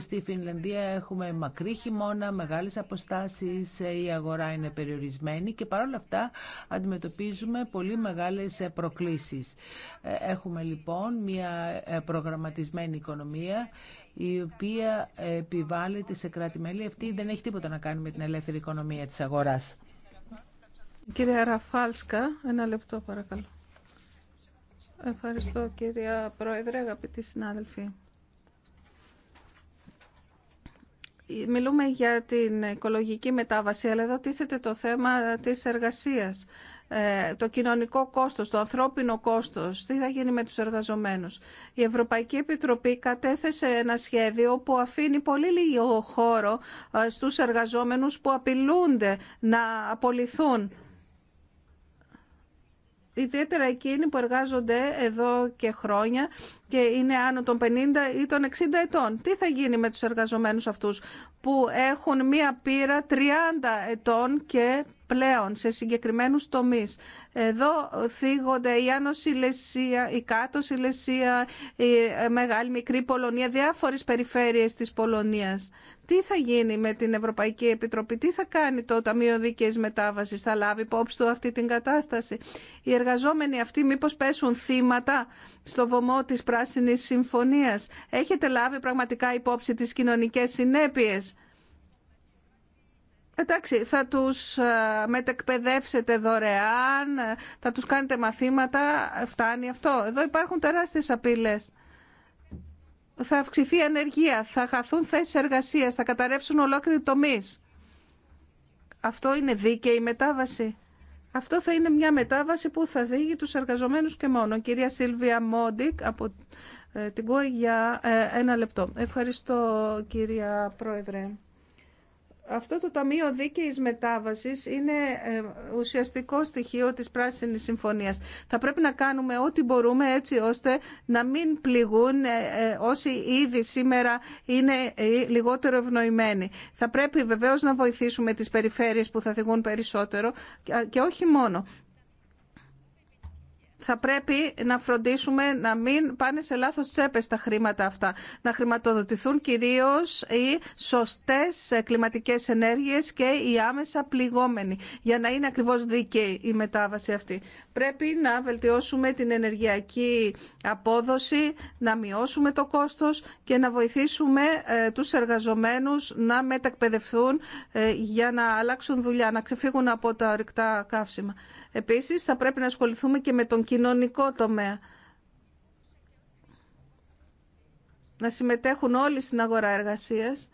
Στη Φινλανδία έχουμε μακρύ χειμώνα, μεγάλες αποστάσεις, η αγορά είναι περιορισμένη και παρόλα αυτά αντιμετωπίζουμε αντιμετωπίζουμε πολύ μεγάλες ε, προκλήσεις. Ε, έχουμε λοιπόν μια ε, προγραμματισμένη οικονομία η οποία επιβάλλεται σε κράτη-μέλη. Αυτή δεν έχει τίποτα να κάνει με την ελεύθερη οικονομία της αγοράς. Κύριε Ραφάλσκα, ένα λεπτό παρακαλώ. Ευχαριστώ κυρία Πρόεδρε, αγαπητοί συνάδελφοι. Μιλούμε για την οικολογική μετάβαση, αλλά εδώ τίθεται το θέμα της εργασίας. Ε, το κοινωνικό κόστος, το ανθρώπινο κόστος, τι θα γίνει με τους εργαζομένους. Η Ευρωπαϊκή Επιτροπή κατέθεσε ένα σχέδιο που αφήνει πολύ λίγο χώρο ε, στους εργαζόμενους που απειλούνται να απολυθούν. Ιδιαίτερα εκείνοι που εργάζονται εδώ και χρόνια και είναι άνω των 50 ή των 60 ετών. Τι θα γίνει με τους εργαζομένους αυτούς που έχουν μία πείρα 30 ετών και πλέον σε συγκεκριμένους τομείς. Εδώ θίγονται η Άνω Σιλεσία, η Κάτω συλλεσία, η ε, Μεγάλη Μικρή Πολωνία, διάφορες περιφέρειες της Πολωνίας. Τι θα γίνει με την Ευρωπαϊκή Επιτροπή, τι θα κάνει το Ταμείο Δίκαιης Μετάβασης, θα λάβει υπόψη του αυτή την κατάσταση. Οι εργαζόμενοι αυτοί μήπως πέσουν θύματα στο βωμό της Πράσινης Συμφωνίας. Έχετε λάβει πραγματικά υπόψη τις κοινωνικές συνέπειες. Εντάξει, θα τους ε, μετεκπαιδεύσετε δωρεάν, ε, θα τους κάνετε μαθήματα, φτάνει αυτό. Εδώ υπάρχουν τεράστιες απειλές. Θα αυξηθεί η ανεργία, θα χαθούν θέσεις εργασίας, θα καταρρεύσουν ολόκληροι τομείς. Αυτό είναι δίκαιη μετάβαση. Αυτό θα είναι μια μετάβαση που θα δίγει τους εργαζομένους και μόνο. Κυρία Σίλβια Μόντικ από ε, την ΚΟΕ για ε, ένα λεπτό. Ευχαριστώ κυρία Πρόεδρε. Αυτό το Ταμείο Δίκαιης Μετάβασης είναι ε, ουσιαστικό στοιχείο της Πράσινης Συμφωνίας. Θα πρέπει να κάνουμε ό,τι μπορούμε έτσι ώστε να μην πληγούν ε, ε, όσοι ήδη σήμερα είναι λιγότερο ευνοημένοι. Θα πρέπει βεβαίως να βοηθήσουμε τις περιφέρειες που θα θυγούν περισσότερο και όχι μόνο θα πρέπει να φροντίσουμε να μην πάνε σε λάθος τσέπες τα χρήματα αυτά. Να χρηματοδοτηθούν κυρίως οι σωστές κλιματικές ενέργειες και οι άμεσα πληγόμενοι, για να είναι ακριβώς δίκαιη η μετάβαση αυτή. Πρέπει να βελτιώσουμε την ενεργειακή απόδοση, να μειώσουμε το κόστος και να βοηθήσουμε ε, τους εργαζομένους να μετακπαιδευτούν ε, για να αλλάξουν δουλειά, να ξεφύγουν από τα ορυκτά καύσιμα. Επίσης θα πρέπει να ασχοληθούμε και με τον κοινωνικό τομέα. Να συμμετέχουν όλοι στην αγορά εργασίας,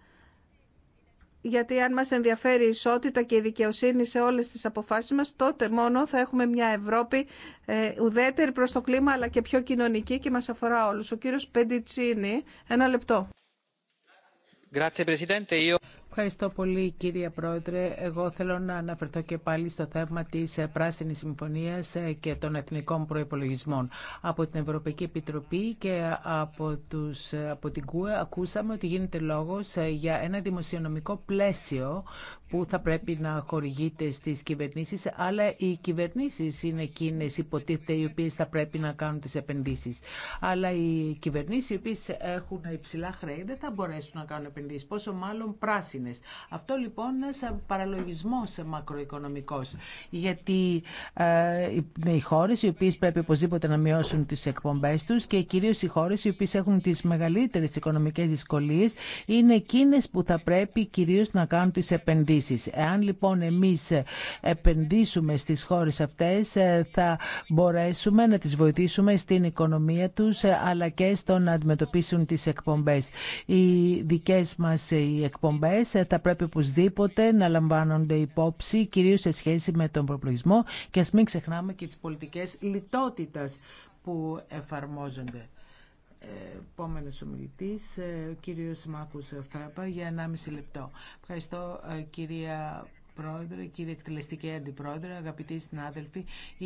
γιατί αν μας ενδιαφέρει η ισότητα και η δικαιοσύνη σε όλες τις αποφάσεις μας, τότε μόνο θα έχουμε μια Ευρώπη ε, ουδέτερη προς το κλίμα, αλλά και πιο κοινωνική και μας αφορά όλους. Ο κύριος Πεντιτσίνη, ένα λεπτό. Ευχαριστώ πολύ κύριε Πρόεδρε. Εγώ θέλω να αναφερθώ και πάλι στο θέμα της Πράσινης Συμφωνίας και των Εθνικών Προϋπολογισμών. Από την Ευρωπαϊκή Επιτροπή και από, τους, από την ΚΟΕ ακούσαμε ότι γίνεται λόγος για ένα δημοσιονομικό πλαίσιο που θα πρέπει να χορηγείται στις κυβερνήσεις, αλλά οι κυβερνήσεις είναι εκείνες υποτίθεται οι οποίες θα πρέπει να κάνουν τις επενδύσεις. Αλλά οι κυβερνήσεις οι οποίες έχουν υψηλά χρέη δεν θα μπορέσουν να κάνουν επενδύσεις, πόσο μάλλον πράσινες. Αυτό λοιπόν είναι σαν παραλογισμός μακροοικονομικός, γιατί ε, οι χώρες οι οποίες πρέπει οπωσδήποτε να μειώσουν τις εκπομπές τους και κυρίως οι χώρες οι οποίες έχουν τις μεγαλύτερες οικονομικές δυσκολίες είναι εκείνες που θα πρέπει κυρίως να κάνουν τις επενδύσεις. Εάν λοιπόν εμείς επενδύσουμε στις χώρες αυτές ε, θα μπορέσουμε να τις βοηθήσουμε στην οικονομία τους ε, αλλά και στο να αντιμετωπίσουν τις εκπομπές. Οι δικές μας ε, οι εκπομπές θα πρέπει οπωσδήποτε να λαμβάνονται υπόψη κυρίως σε σχέση με τον προπλογισμό και ας μην ξεχνάμε και τις πολιτικές λιτότητας που εφαρμόζονται επόμενος ομιλητής, ε, ο κύριος Μάκους Φέπα, για 1,5 λεπτό. Ευχαριστώ ε, κυρία Πρόεδρε, κύριε εκτελεστική αντιπρόεδρε, αγαπητοί συνάδελφοι, ε,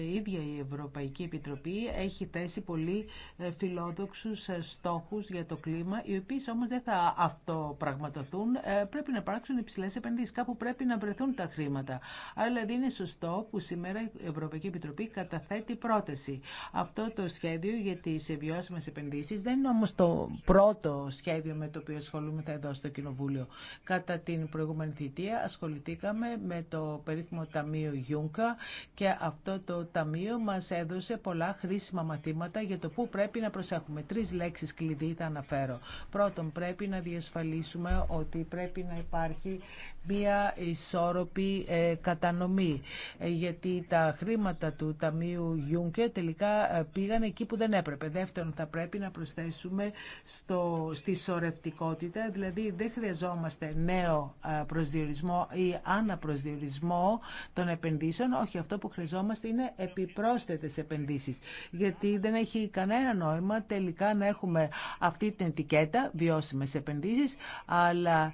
η ίδια η Ευρωπαϊκή Επιτροπή έχει θέσει πολύ ε, φιλόδοξους ε, στόχους για το κλίμα, οι οποίοι όμως δεν θα αυτοπραγματοθούν. Πρέπει να υπάρξουν υψηλές επενδύσεις, κάπου πρέπει να βρεθούν τα χρήματα. Άρα δηλαδή είναι σωστό που σήμερα η Ευρωπαϊκή Επιτροπή καταθέτει πρόταση. Αυτό το σχέδιο για τις βιώσιμε επενδύσεις δεν είναι όμως το πρώτο σχέδιο με το οποίο ασχολούμεθα εδώ στο Κοινοβούλιο. Κατά την προηγούμενη θητεία ασχοληθήκαμε με το περίφημο Ταμείο Γιούνκα και αυτό το Ταμείο μας έδωσε πολλά χρήσιμα μαθήματα για το πού πρέπει να προσέχουμε. Τρεις λέξεις κλειδί θα αναφέρω. Πρώτον, πρέπει να διασφαλίσουμε ότι πρέπει να υπάρχει μία ισόρροπη ε, κατανομή. Ε, γιατί τα χρήματα του Ταμείου Γιούνκε τελικά ε, πήγαν εκεί που δεν έπρεπε. Δεύτερον, θα πρέπει να προσθέσουμε στο, στη σωρευτικότητα, δηλαδή δεν χρειαζόμαστε νέο προσδιορισμό ή αναπροσδιορισμό των επενδύσεων. Όχι, αυτό που χρειαζόμαστε είναι επιπρόσθετες επενδύσεις. Γιατί δεν έχει κανένα νόημα τελικά να έχουμε αυτή την ετικέτα, βιώσιμες επενδύσεις, αλλά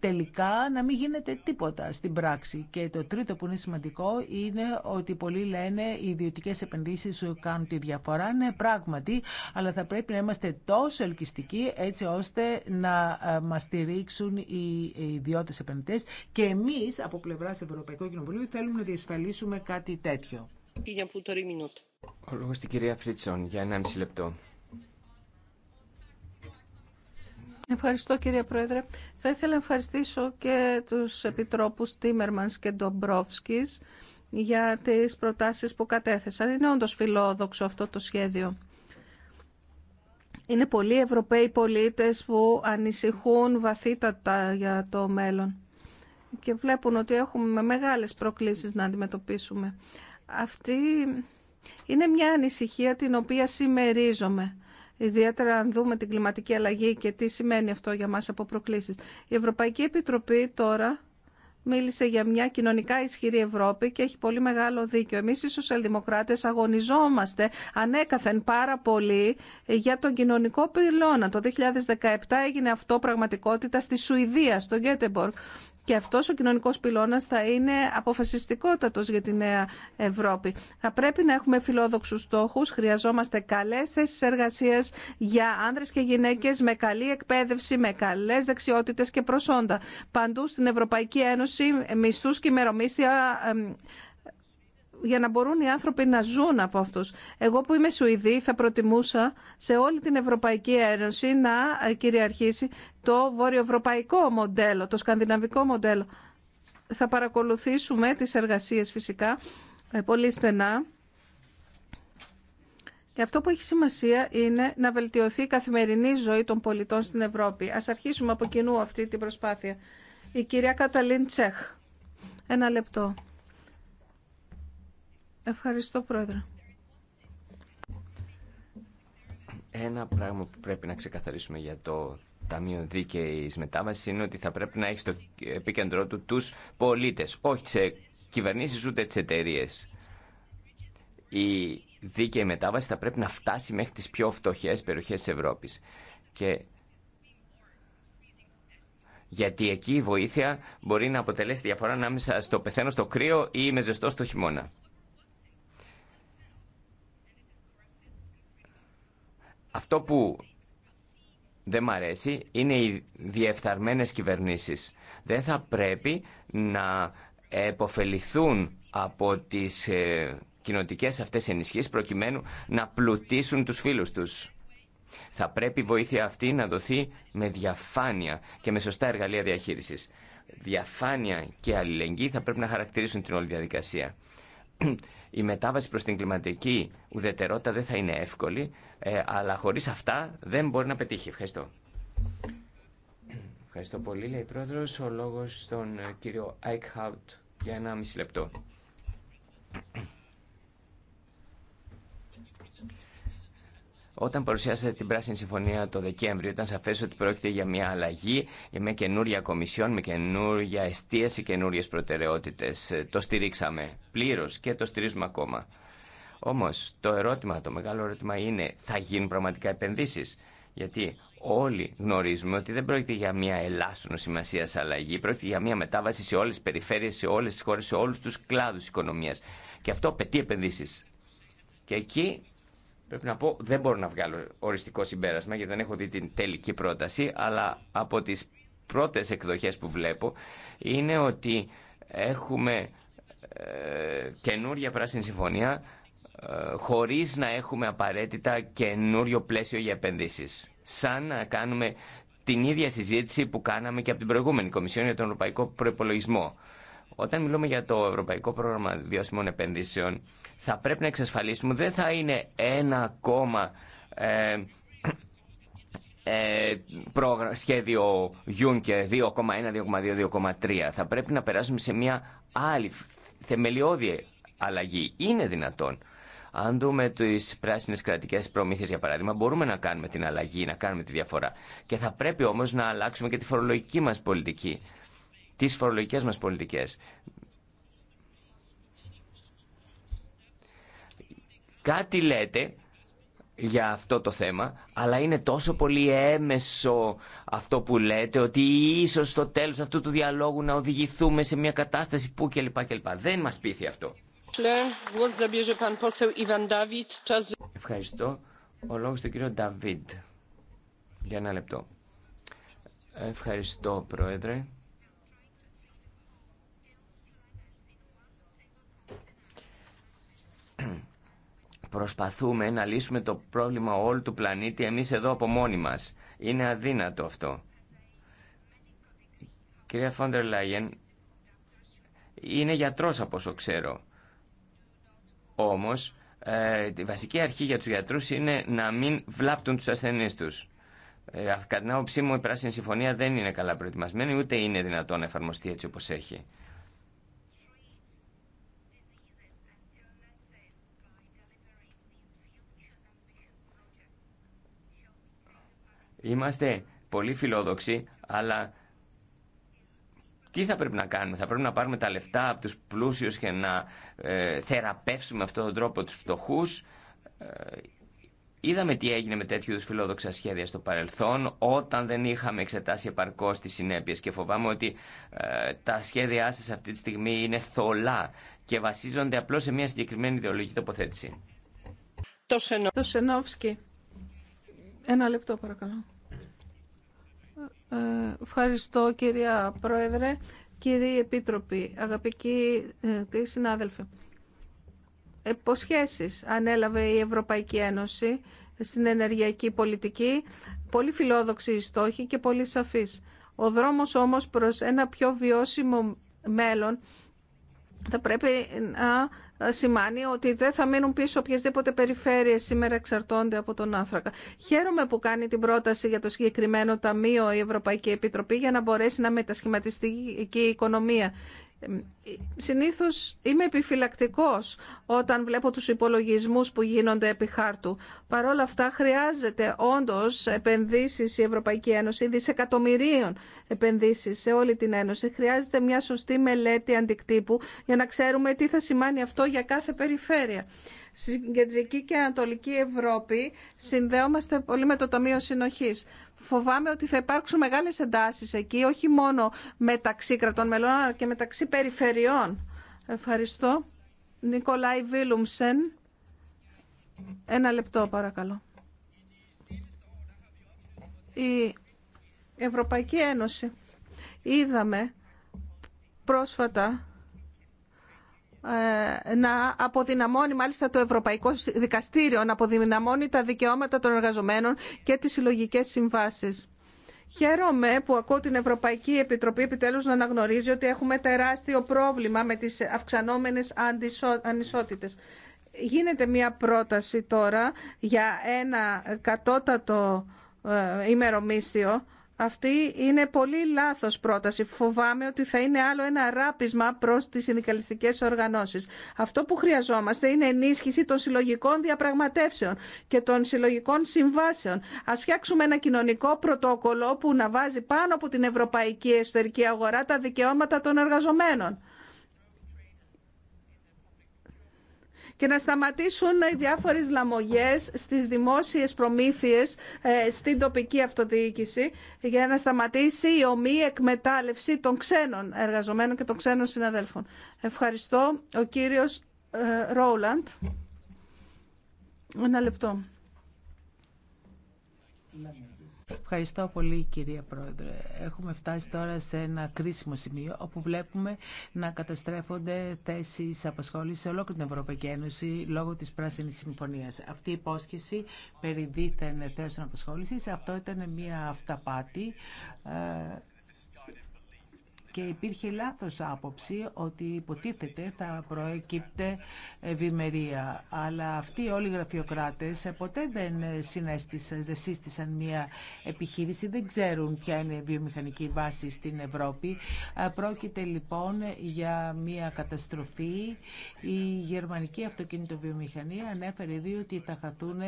τελικά να μην γίνεται τίποτα στην πράξη. Και το τρίτο που είναι σημαντικό είναι ότι πολλοί λένε οι ιδιωτικέ επενδύσει κάνουν τη διαφορά. Ναι, πράγματι, αλλά θα πρέπει να είμαστε τόσο ελκυστικοί έτσι ώστε να ε, μα στηρίξουν οι ιδιώτε επενδυτέ. Και εμεί από πλευρά Ευρωπαϊκού Κοινοβουλίου θέλουμε να διασφαλίσουμε κάτι τέτοιο. Ο στην κυρία Φρίτσον για 1,5 λεπτό. Ευχαριστώ κύριε Πρόεδρε. Θα ήθελα να ευχαριστήσω και τους επιτρόπους Τίμερμανς και Ντομπρόφσκης για τις προτάσεις που κατέθεσαν. Είναι όντως φιλόδοξο αυτό το σχέδιο. Είναι πολλοί Ευρωπαίοι πολίτες που ανησυχούν βαθύτατα για το μέλλον και βλέπουν ότι έχουμε μεγάλες προκλήσεις να αντιμετωπίσουμε. Αυτή είναι μια ανησυχία την οποία συμμερίζομαι. Ιδιαίτερα αν δούμε την κλιματική αλλαγή και τι σημαίνει αυτό για μας από προκλήσεις. Η Ευρωπαϊκή Επιτροπή τώρα μίλησε για μια κοινωνικά ισχυρή Ευρώπη και έχει πολύ μεγάλο δίκιο. Εμείς οι σοσιαλδημοκράτες αγωνιζόμαστε ανέκαθεν πάρα πολύ για τον κοινωνικό πυλώνα. Το 2017 έγινε αυτό πραγματικότητα στη Σουηδία, στο Γκέτεμπορκ. Και αυτός ο κοινωνικός πυλώνας θα είναι αποφασιστικότατος για τη νέα Ευρώπη. Θα πρέπει να έχουμε φιλόδοξους στόχους, χρειαζόμαστε καλές θέσεις εργασίας για άνδρες και γυναίκες με καλή εκπαίδευση, με καλές δεξιότητες και προσόντα. Παντού στην Ευρωπαϊκή Ένωση μισθούς και ημερομίσθια για να μπορούν οι άνθρωποι να ζουν από αυτούς. Εγώ που είμαι Σουηδή θα προτιμούσα σε όλη την Ευρωπαϊκή Ένωση να κυριαρχήσει το βορειοευρωπαϊκό μοντέλο, το σκανδιναβικό μοντέλο. Θα παρακολουθήσουμε τις εργασίες φυσικά ε, πολύ στενά. Και αυτό που έχει σημασία είναι να βελτιωθεί η καθημερινή ζωή των πολιτών στην Ευρώπη. Ας αρχίσουμε από κοινού αυτή την προσπάθεια. Η κυρία Καταλίν Τσέχ. Ένα λεπτό. Ευχαριστώ, Πρόεδρε. Ένα πράγμα που πρέπει να ξεκαθαρίσουμε για το Ταμείο Δίκαιης Μετάβασης είναι ότι θα πρέπει να έχει στο επίκεντρό του τους πολίτες, όχι σε κυβερνήσεις ούτε τις εταιρείε. Η δίκαιη μετάβαση θα πρέπει να φτάσει μέχρι τις πιο φτωχές περιοχές της Ευρώπης. γιατί εκεί η βοήθεια μπορεί να αποτελέσει διαφορά ανάμεσα στο πεθαίνω στο κρύο ή με ζεστό στο χειμώνα. Αυτό που δεν μ' αρέσει είναι οι διεφθαρμένες κυβερνήσεις. Δεν θα πρέπει να επωφεληθούν από τις ε, κοινοτικές αυτές ενισχύσεις προκειμένου να πλουτίσουν τους φίλους τους. Θα πρέπει η βοήθεια αυτή να δοθεί με διαφάνεια και με σωστά εργαλεία διαχείρισης. Διαφάνεια και αλληλεγγύη θα πρέπει να χαρακτηρίσουν την όλη διαδικασία η μετάβαση προς την κλιματική ουδετερότητα δεν θα είναι εύκολη, ε, αλλά χωρίς αυτά δεν μπορεί να πετύχει. Ευχαριστώ. Ευχαριστώ πολύ, λέει η Πρόεδρος. Ο λόγος στον κύριο Άικχαουτ για ένα μισή λεπτό. Όταν παρουσιάσατε την Πράσινη Συμφωνία το Δεκέμβριο, ήταν σαφέ ότι πρόκειται για μια αλλαγή, για μια καινούρια κομισιόν, με καινούρια εστίαση, καινούριε προτεραιότητε. Το στηρίξαμε πλήρω και το στηρίζουμε ακόμα. Όμω το ερώτημα, το μεγάλο ερώτημα είναι, θα γίνουν πραγματικά επενδύσει. Γιατί όλοι γνωρίζουμε ότι δεν πρόκειται για μια ελάσσονο σημασία αλλαγή, πρόκειται για μια μετάβαση σε όλε τι περιφέρειε, σε όλε τι χώρε, σε όλου του κλάδου οικονομία. Και αυτό απαιτεί επενδύσει. Και εκεί Πρέπει να πω, δεν μπορώ να βγάλω οριστικό συμπέρασμα γιατί δεν έχω δει την τελική πρόταση, αλλά από τις πρώτες εκδοχές που βλέπω είναι ότι έχουμε ε, καινούρια πράσινη συμφωνία ε, χωρίς να έχουμε απαραίτητα καινούριο πλαίσιο για επενδύσεις. Σαν να κάνουμε την ίδια συζήτηση που κάναμε και από την προηγούμενη Κομισιόν για τον Ευρωπαϊκό Προπολογισμό. Όταν μιλούμε για το Ευρωπαϊκό Πρόγραμμα Βιώσιμων Επενδύσεων, θα πρέπει να εξασφαλίσουμε δεν θα είναι ένα ακόμα ε, ε, πρόγραμμα, σχέδιο Juncker 2,1, 2,2, 2,3. Θα πρέπει να περάσουμε σε μια άλλη θεμελιώδη αλλαγή. Είναι δυνατόν. Αν δούμε τι πράσινε κρατικέ προμήθειε, για παράδειγμα, μπορούμε να κάνουμε την αλλαγή, να κάνουμε τη διαφορά. Και θα πρέπει όμω να αλλάξουμε και τη φορολογική μα πολιτική τις φορολογικές μας πολιτικές. Κάτι λέτε για αυτό το θέμα, αλλά είναι τόσο πολύ έμεσο αυτό που λέτε ότι ίσως στο τέλος αυτού του διαλόγου να οδηγηθούμε σε μια κατάσταση που κλπ. κλπ. Δεν μας πείθει αυτό. Ευχαριστώ. Ο λόγος του κύριο Νταβίτ. Για ένα λεπτό. Ευχαριστώ, Πρόεδρε. προσπαθούμε να λύσουμε το πρόβλημα όλου του πλανήτη εμείς εδώ από μόνοι μας. Είναι αδύνατο αυτό. Κυρία Φόντερ Λάγεν, είναι γιατρός από όσο ξέρω. Όμως, ε, η βασική αρχή για τους γιατρούς είναι να μην βλάπτουν τους ασθενείς τους. Ε, κατά την άποψή μου η Πράσινη Συμφωνία δεν είναι καλά προετοιμασμένη, ούτε είναι δυνατόν να εφαρμοστεί έτσι όπως έχει. Είμαστε πολύ φιλόδοξοι, αλλά τι θα πρέπει να κάνουμε. Θα πρέπει να πάρουμε τα λεφτά από τους πλούσιους και να ε, θεραπεύσουμε αυτόν τον τρόπο τους φτωχούς. Ε, είδαμε τι έγινε με τέτοιου είδους φιλόδοξα σχέδια στο παρελθόν όταν δεν είχαμε εξετάσει επαρκώς τις συνέπειε και φοβάμαι ότι ε, τα σχέδιά σα αυτή τη στιγμή είναι θολά και βασίζονται απλώς σε μια συγκεκριμένη ιδεολογική τοποθέτηση. Το Σενόφσκι. Ένα λεπτό παρακαλώ. Ε, ευχαριστώ κυρία Πρόεδρε, κύριοι Επίτροποι, αγαπητοί ε, συνάδελφοι. Εποσχέσεις ανέλαβε η Ευρωπαϊκή Ένωση στην ενεργειακή πολιτική, πολύ φιλόδοξη η στόχη και πολύ σαφής. Ο δρόμος όμως προς ένα πιο βιώσιμο μέλλον θα πρέπει να σημάνει ότι δεν θα μείνουν πίσω οποιασδήποτε περιφέρειες σήμερα εξαρτώνται από τον άνθρακα. Χαίρομαι που κάνει την πρόταση για το συγκεκριμένο ταμείο η Ευρωπαϊκή Επιτροπή για να μπορέσει να μετασχηματιστεί και η οικονομία ε, συνήθως είμαι επιφυλακτικός όταν βλέπω τους υπολογισμούς που γίνονται επί χάρτου. Παρ' όλα αυτά χρειάζεται όντως επενδύσεις η Ευρωπαϊκή Ένωση, δισεκατομμυρίων επενδύσεις σε όλη την Ένωση. Χρειάζεται μια σωστή μελέτη αντικτύπου για να ξέρουμε τι θα σημάνει αυτό για κάθε περιφέρεια. Στην Κεντρική και Ανατολική Ευρώπη συνδέομαστε πολύ με το Ταμείο Συνοχής φοβάμαι ότι θα υπάρξουν μεγάλες εντάσεις εκεί, όχι μόνο μεταξύ κρατών μελών, αλλά και μεταξύ περιφερειών. Ευχαριστώ. Νικολάη Βίλουμσεν. Ένα λεπτό παρακαλώ. Η Ευρωπαϊκή Ένωση είδαμε πρόσφατα ε, να αποδυναμώνει μάλιστα το Ευρωπαϊκό Δικαστήριο, να αποδυναμώνει τα δικαιώματα των εργαζομένων και τις συλλογικέ συμβάσεις. Χαίρομαι που ακούω την Ευρωπαϊκή Επιτροπή επιτέλους να αναγνωρίζει ότι έχουμε τεράστιο πρόβλημα με τις αυξανόμενες ανισότητες. Γίνεται μια πρόταση τώρα για ένα κατώτατο ε, ημερομίσθιο αυτή είναι πολύ λάθος πρόταση. Φοβάμαι ότι θα είναι άλλο ένα ράπισμα προς τις συνδικαλιστικές οργανώσεις. Αυτό που χρειαζόμαστε είναι ενίσχυση των συλλογικών διαπραγματεύσεων και των συλλογικών συμβάσεων. Ας φτιάξουμε ένα κοινωνικό πρωτόκολλο που να βάζει πάνω από την ευρωπαϊκή εσωτερική αγορά τα δικαιώματα των εργαζομένων. και να σταματήσουν οι διάφορες λαμογές στις δημόσιες προμήθειες ε, στην τοπική αυτοδιοίκηση για να σταματήσει η ομή εκμετάλλευση των ξένων εργαζομένων και των ξένων συναδέλφων. Ευχαριστώ. Ο κύριος ε, Ρόουλαντ. Ένα λεπτό. Ευχαριστώ πολύ κυρία Πρόεδρε. Έχουμε φτάσει τώρα σε ένα κρίσιμο σημείο όπου βλέπουμε να καταστρέφονται θέσεις απασχόλησης σε ολόκληρη την Ευρωπαϊκή Ένωση λόγω της Πράσινης Συμφωνίας. Αυτή η υπόσχεση περί δίθεν θέσεων απασχόλησης, αυτό ήταν μια αυταπάτη ε, και υπήρχε λάθος άποψη ότι υποτίθεται θα προέκυπτε ευημερία. Αλλά αυτοί όλοι οι γραφειοκράτες ποτέ δεν συνέστησαν, δεν σύστησαν μια επιχείρηση, δεν ξέρουν ποια είναι η βιομηχανική βάση στην Ευρώπη. Πρόκειται λοιπόν για μια καταστροφή. Η γερμανική αυτοκινητοβιομηχανία ανέφερε ήδη ότι θα χαθούν 40.000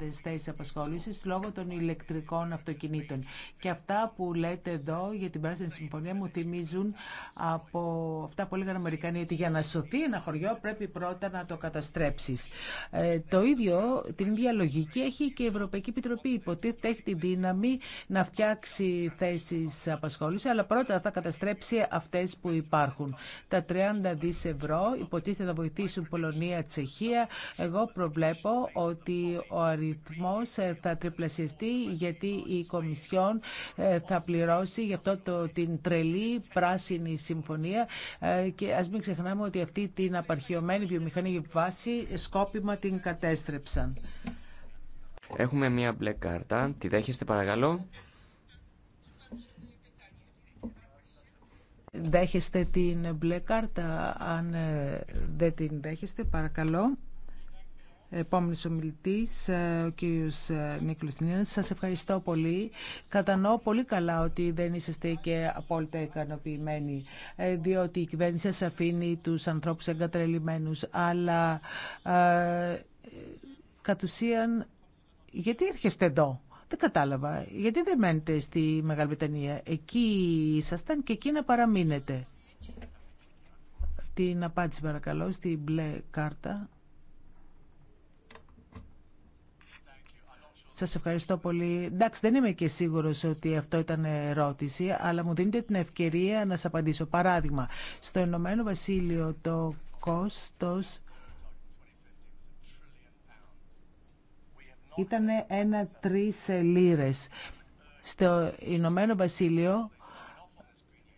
ε, θέσει απασχόλησης λόγω των ηλεκτρικών αυτοκινήτων. Και αυτά που λέτε εδώ για την στην συμφωνία μου θυμίζουν από αυτά που έλεγαν Αμερικανοί, ότι για να σωθεί ένα χωριό πρέπει πρώτα να το καταστρέψει. Ε, το ίδιο, την ίδια λογική έχει και η Ευρωπαϊκή Επιτροπή. Υποτίθεται έχει τη δύναμη να φτιάξει θέσει απασχόληση, αλλά πρώτα θα καταστρέψει αυτέ που υπάρχουν. Τα 30 δι ευρώ υποτίθεται θα βοηθήσουν Πολωνία, Τσεχία. Εγώ προβλέπω ότι ο αριθμό θα τριπλασιαστεί γιατί η Κομισιόν ε, θα πληρώσει γι' αυτό το την τρελή πράσινη συμφωνία ε, και ας μην ξεχνάμε ότι αυτή την απαρχιωμένη βιομηχανική βάση σκόπιμα την κατέστρεψαν. Έχουμε μία μπλε κάρτα. Τη δέχεστε παρακαλώ. Δέχεστε την μπλε κάρτα. Αν ε, δεν την δέχεστε παρακαλώ επόμενος ομιλητή, ε, ο κύριο ε, Νίκο Τινίνας. Σας ευχαριστώ πολύ. Κατανοώ πολύ καλά ότι δεν είσαστε και απόλυτα ικανοποιημένοι, ε, διότι η κυβέρνηση σα αφήνει τους ανθρώπους εγκατρελειμμένου. αλλά ε, κατ' ουσίαν γιατί έρχεστε εδώ. Δεν κατάλαβα. Γιατί δεν μένετε στη Μεγάλη Βρετανία. Εκεί ήσασταν και εκεί να παραμείνετε. Την απάντηση παρακαλώ στη μπλε κάρτα. Σα ευχαριστώ πολύ. Εντάξει, δεν είμαι και σίγουρος ότι αυτό ήταν ερώτηση, αλλά μου δίνετε την ευκαιρία να σας απαντήσω. Παράδειγμα, στο Ηνωμένο Βασίλειο το κοστο ήταν ένα ένα-τρει. λίρε. Στο Ηνωμένο Βασίλειο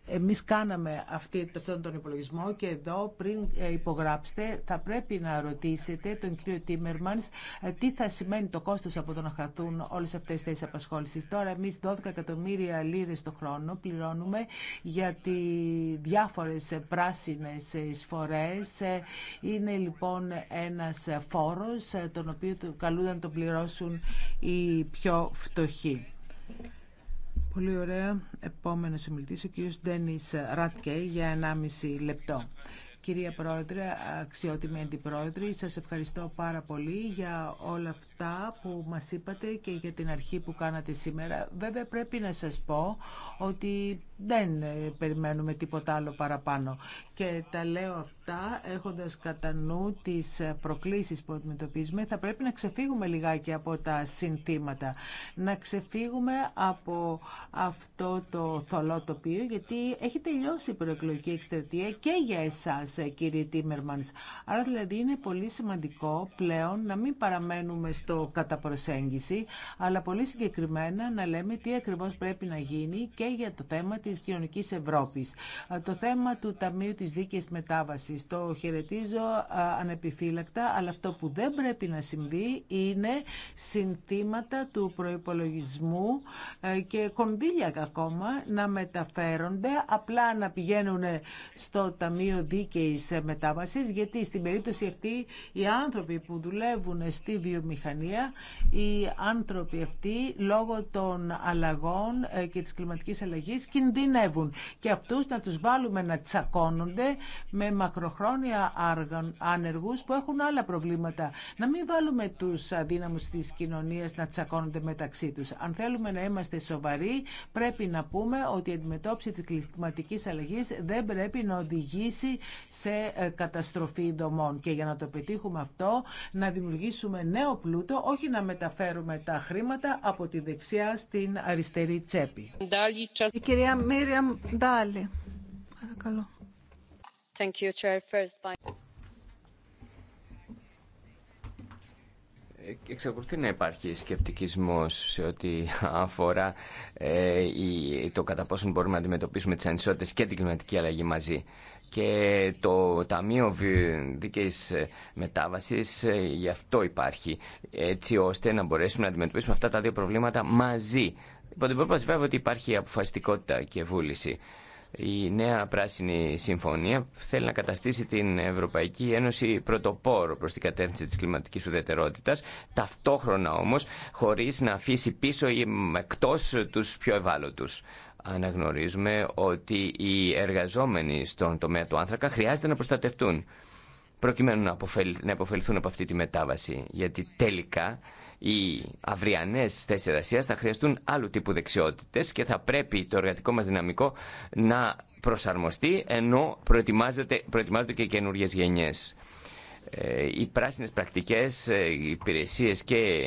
εμείς κάναμε αυτή, αυτόν τον υπολογισμό και εδώ πριν ε, υπογράψετε θα πρέπει να ρωτήσετε τον κύριο Τίμερμανς ε, τι θα σημαίνει το κόστος από το να χαθούν όλες αυτές τις θέσεις απασχόλησης. Τώρα εμείς 12 εκατομμύρια λίρες το χρόνο πληρώνουμε για τι διάφορες πράσινες εισφορές. Ε, είναι λοιπόν ένας φόρος τον οποίο καλούνταν να το πληρώσουν οι πιο φτωχοί. Πολύ ωραία. Επόμενος ομιλητή, ο κύριος Ντένι Ράτκε για 1,5 λεπτό. Κυρία Πρόεδρε, αξιότιμη Αντιπρόεδρη, σας ευχαριστώ πάρα πολύ για όλα αυτά που μας είπατε και για την αρχή που κάνατε σήμερα. Βέβαια πρέπει να σας πω ότι δεν περιμένουμε τίποτα άλλο παραπάνω. Και τα λέω αυτά, έχοντας κατά νου τις προκλήσεις που αντιμετωπίζουμε, θα πρέπει να ξεφύγουμε λιγάκι από τα συνθήματα. Να ξεφύγουμε από αυτό το θολό τοπίο, γιατί έχει τελειώσει η προεκλογική εκστρατεία και για εσάς, κύριε Τίμερμανς. Άρα, δηλαδή, είναι πολύ σημαντικό πλέον να μην παραμένουμε στο κατά προσέγγιση, αλλά πολύ συγκεκριμένα να λέμε τι ακριβώς πρέπει να γίνει και για το θέμα της κοινωνικής Ευρώπης. Το θέμα του Ταμείου της Δίκαιης Μετάβαση το χαιρετίζω ανεπιφύλακτα, αλλά αυτό που δεν πρέπει να συμβεί είναι συνθήματα του προϋπολογισμού ε, και κονδύλια ακόμα να μεταφέρονται, απλά να πηγαίνουν στο Ταμείο Δίκαιης Μετάβασης, γιατί στην περίπτωση αυτή οι άνθρωποι που δουλεύουν στη βιομηχανία, οι άνθρωποι αυτοί λόγω των αλλαγών ε, και της κλιματικής αλλαγής κινδυνεύουν. Και αυτούς να τους βάλουμε να τσακώνονται με μακροχρόνια άνεργους που έχουν άλλα προβλήματα. Να μην βάλουμε τους αδύναμους της κοινωνίας να τσακώνονται μεταξύ τους. Αν θέλουμε να είμαστε σοβαροί πρέπει να πούμε ότι η αντιμετώπιση της κλιματικής αλλαγής δεν πρέπει να οδηγήσει σε ε, καταστροφή δομών. Και για να το πετύχουμε αυτό να δημιουργήσουμε νέο πλούτο, όχι να μεταφέρουμε τα χρήματα από τη δεξιά στην αριστερή τσέπη. Η κυρία ε, εξακολουθεί να υπάρχει σκεπτικισμός σε ό,τι αφορά ε, το κατά πόσον μπορούμε να αντιμετωπίσουμε τις ανισότητε και την κλιματική αλλαγή μαζί. Και το Ταμείο Δίκαιης ε, Μετάβασης ε, γι' αυτό υπάρχει, έτσι ώστε να μπορέσουμε να αντιμετωπίσουμε αυτά τα δύο προβλήματα μαζί. Υπό την βέβαια ότι υπάρχει αποφασιστικότητα και βούληση. Η νέα πράσινη συμφωνία θέλει να καταστήσει την Ευρωπαϊκή Ένωση πρωτοπόρο προς την κατεύθυνση της κλιματικής ουδετερότητας, ταυτόχρονα όμως χωρίς να αφήσει πίσω ή εκτός τους πιο ευάλωτους. Αναγνωρίζουμε ότι οι εργαζόμενοι στον τομέα του άνθρακα χρειάζεται να προστατευτούν προκειμένου να, αποφελ, να από αυτή τη μετάβαση. Γιατί τελικά οι αυριανέ θέσει εργασία θα χρειαστούν άλλου τύπου δεξιότητε και θα πρέπει το εργατικό μα δυναμικό να προσαρμοστεί ενώ προετοιμάζονται και καινούριε γενιέ. Ε, οι πράσινες πρακτικές, ε, οι υπηρεσίες και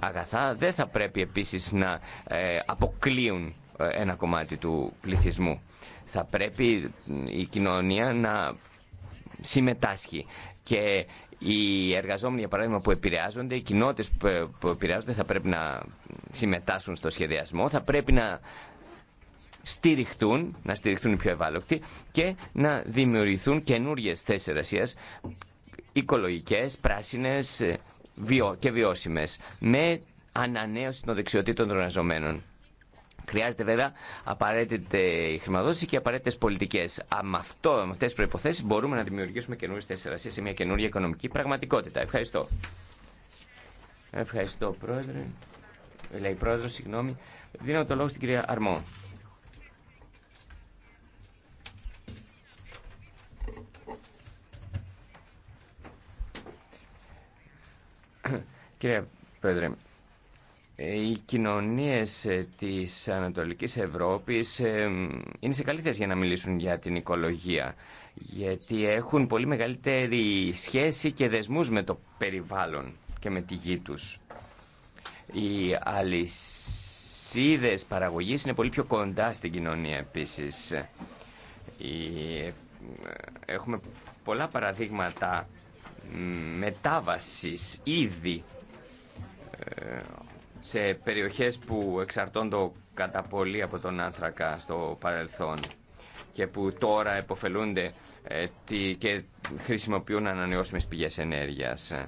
αγαθά δεν θα πρέπει επίσης να ε, αποκλείουν ένα κομμάτι του πληθυσμού. Θα πρέπει η κοινωνία να συμμετάσχει και οι εργαζόμενοι, για παράδειγμα, που επηρεάζονται, οι κοινότητε ε, που επηρεάζονται θα πρέπει να συμμετάσχουν στο σχεδιασμό, θα πρέπει να στηριχτούν, να στηριχτούν οι πιο ευάλωτοι και να δημιουργηθούν καινούριε θέσει εργασία οικολογικέ, πράσινε ε, και βιώσιμε με ανανέωση των δεξιοτήτων των εργαζομένων. Χρειάζεται βέβαια απαραίτητη χρηματοδότηση και απαραίτητε πολιτικέ. Με αυτέ τι προποθέσει μπορούμε να δημιουργήσουμε καινούριε θέσει εργασία σε μια καινούργια οικονομική πραγματικότητα. Ευχαριστώ. Ευχαριστώ, Πρόεδρε. Λέει Πρόεδρο, συγγνώμη. Δίνω το λόγο στην κυρία Αρμό. Κύριε Πρόεδρε, ε, οι κοινωνίες ε, της Ανατολικής Ευρώπης ε, είναι σε θέση για να μιλήσουν για την οικολογία γιατί έχουν πολύ μεγαλύτερη σχέση και δεσμούς με το περιβάλλον και με τη γη τους. Οι αλυσίδες παραγωγής είναι πολύ πιο κοντά στην κοινωνία επίσης. Έχουμε πολλά παραδείγματα μετάβασης ήδη σε περιοχές που εξαρτώνται κατά πολύ από τον άνθρακα στο παρελθόν και που τώρα επωφελούνται ε, και χρησιμοποιούν ανανεώσιμες πηγές ενέργειας.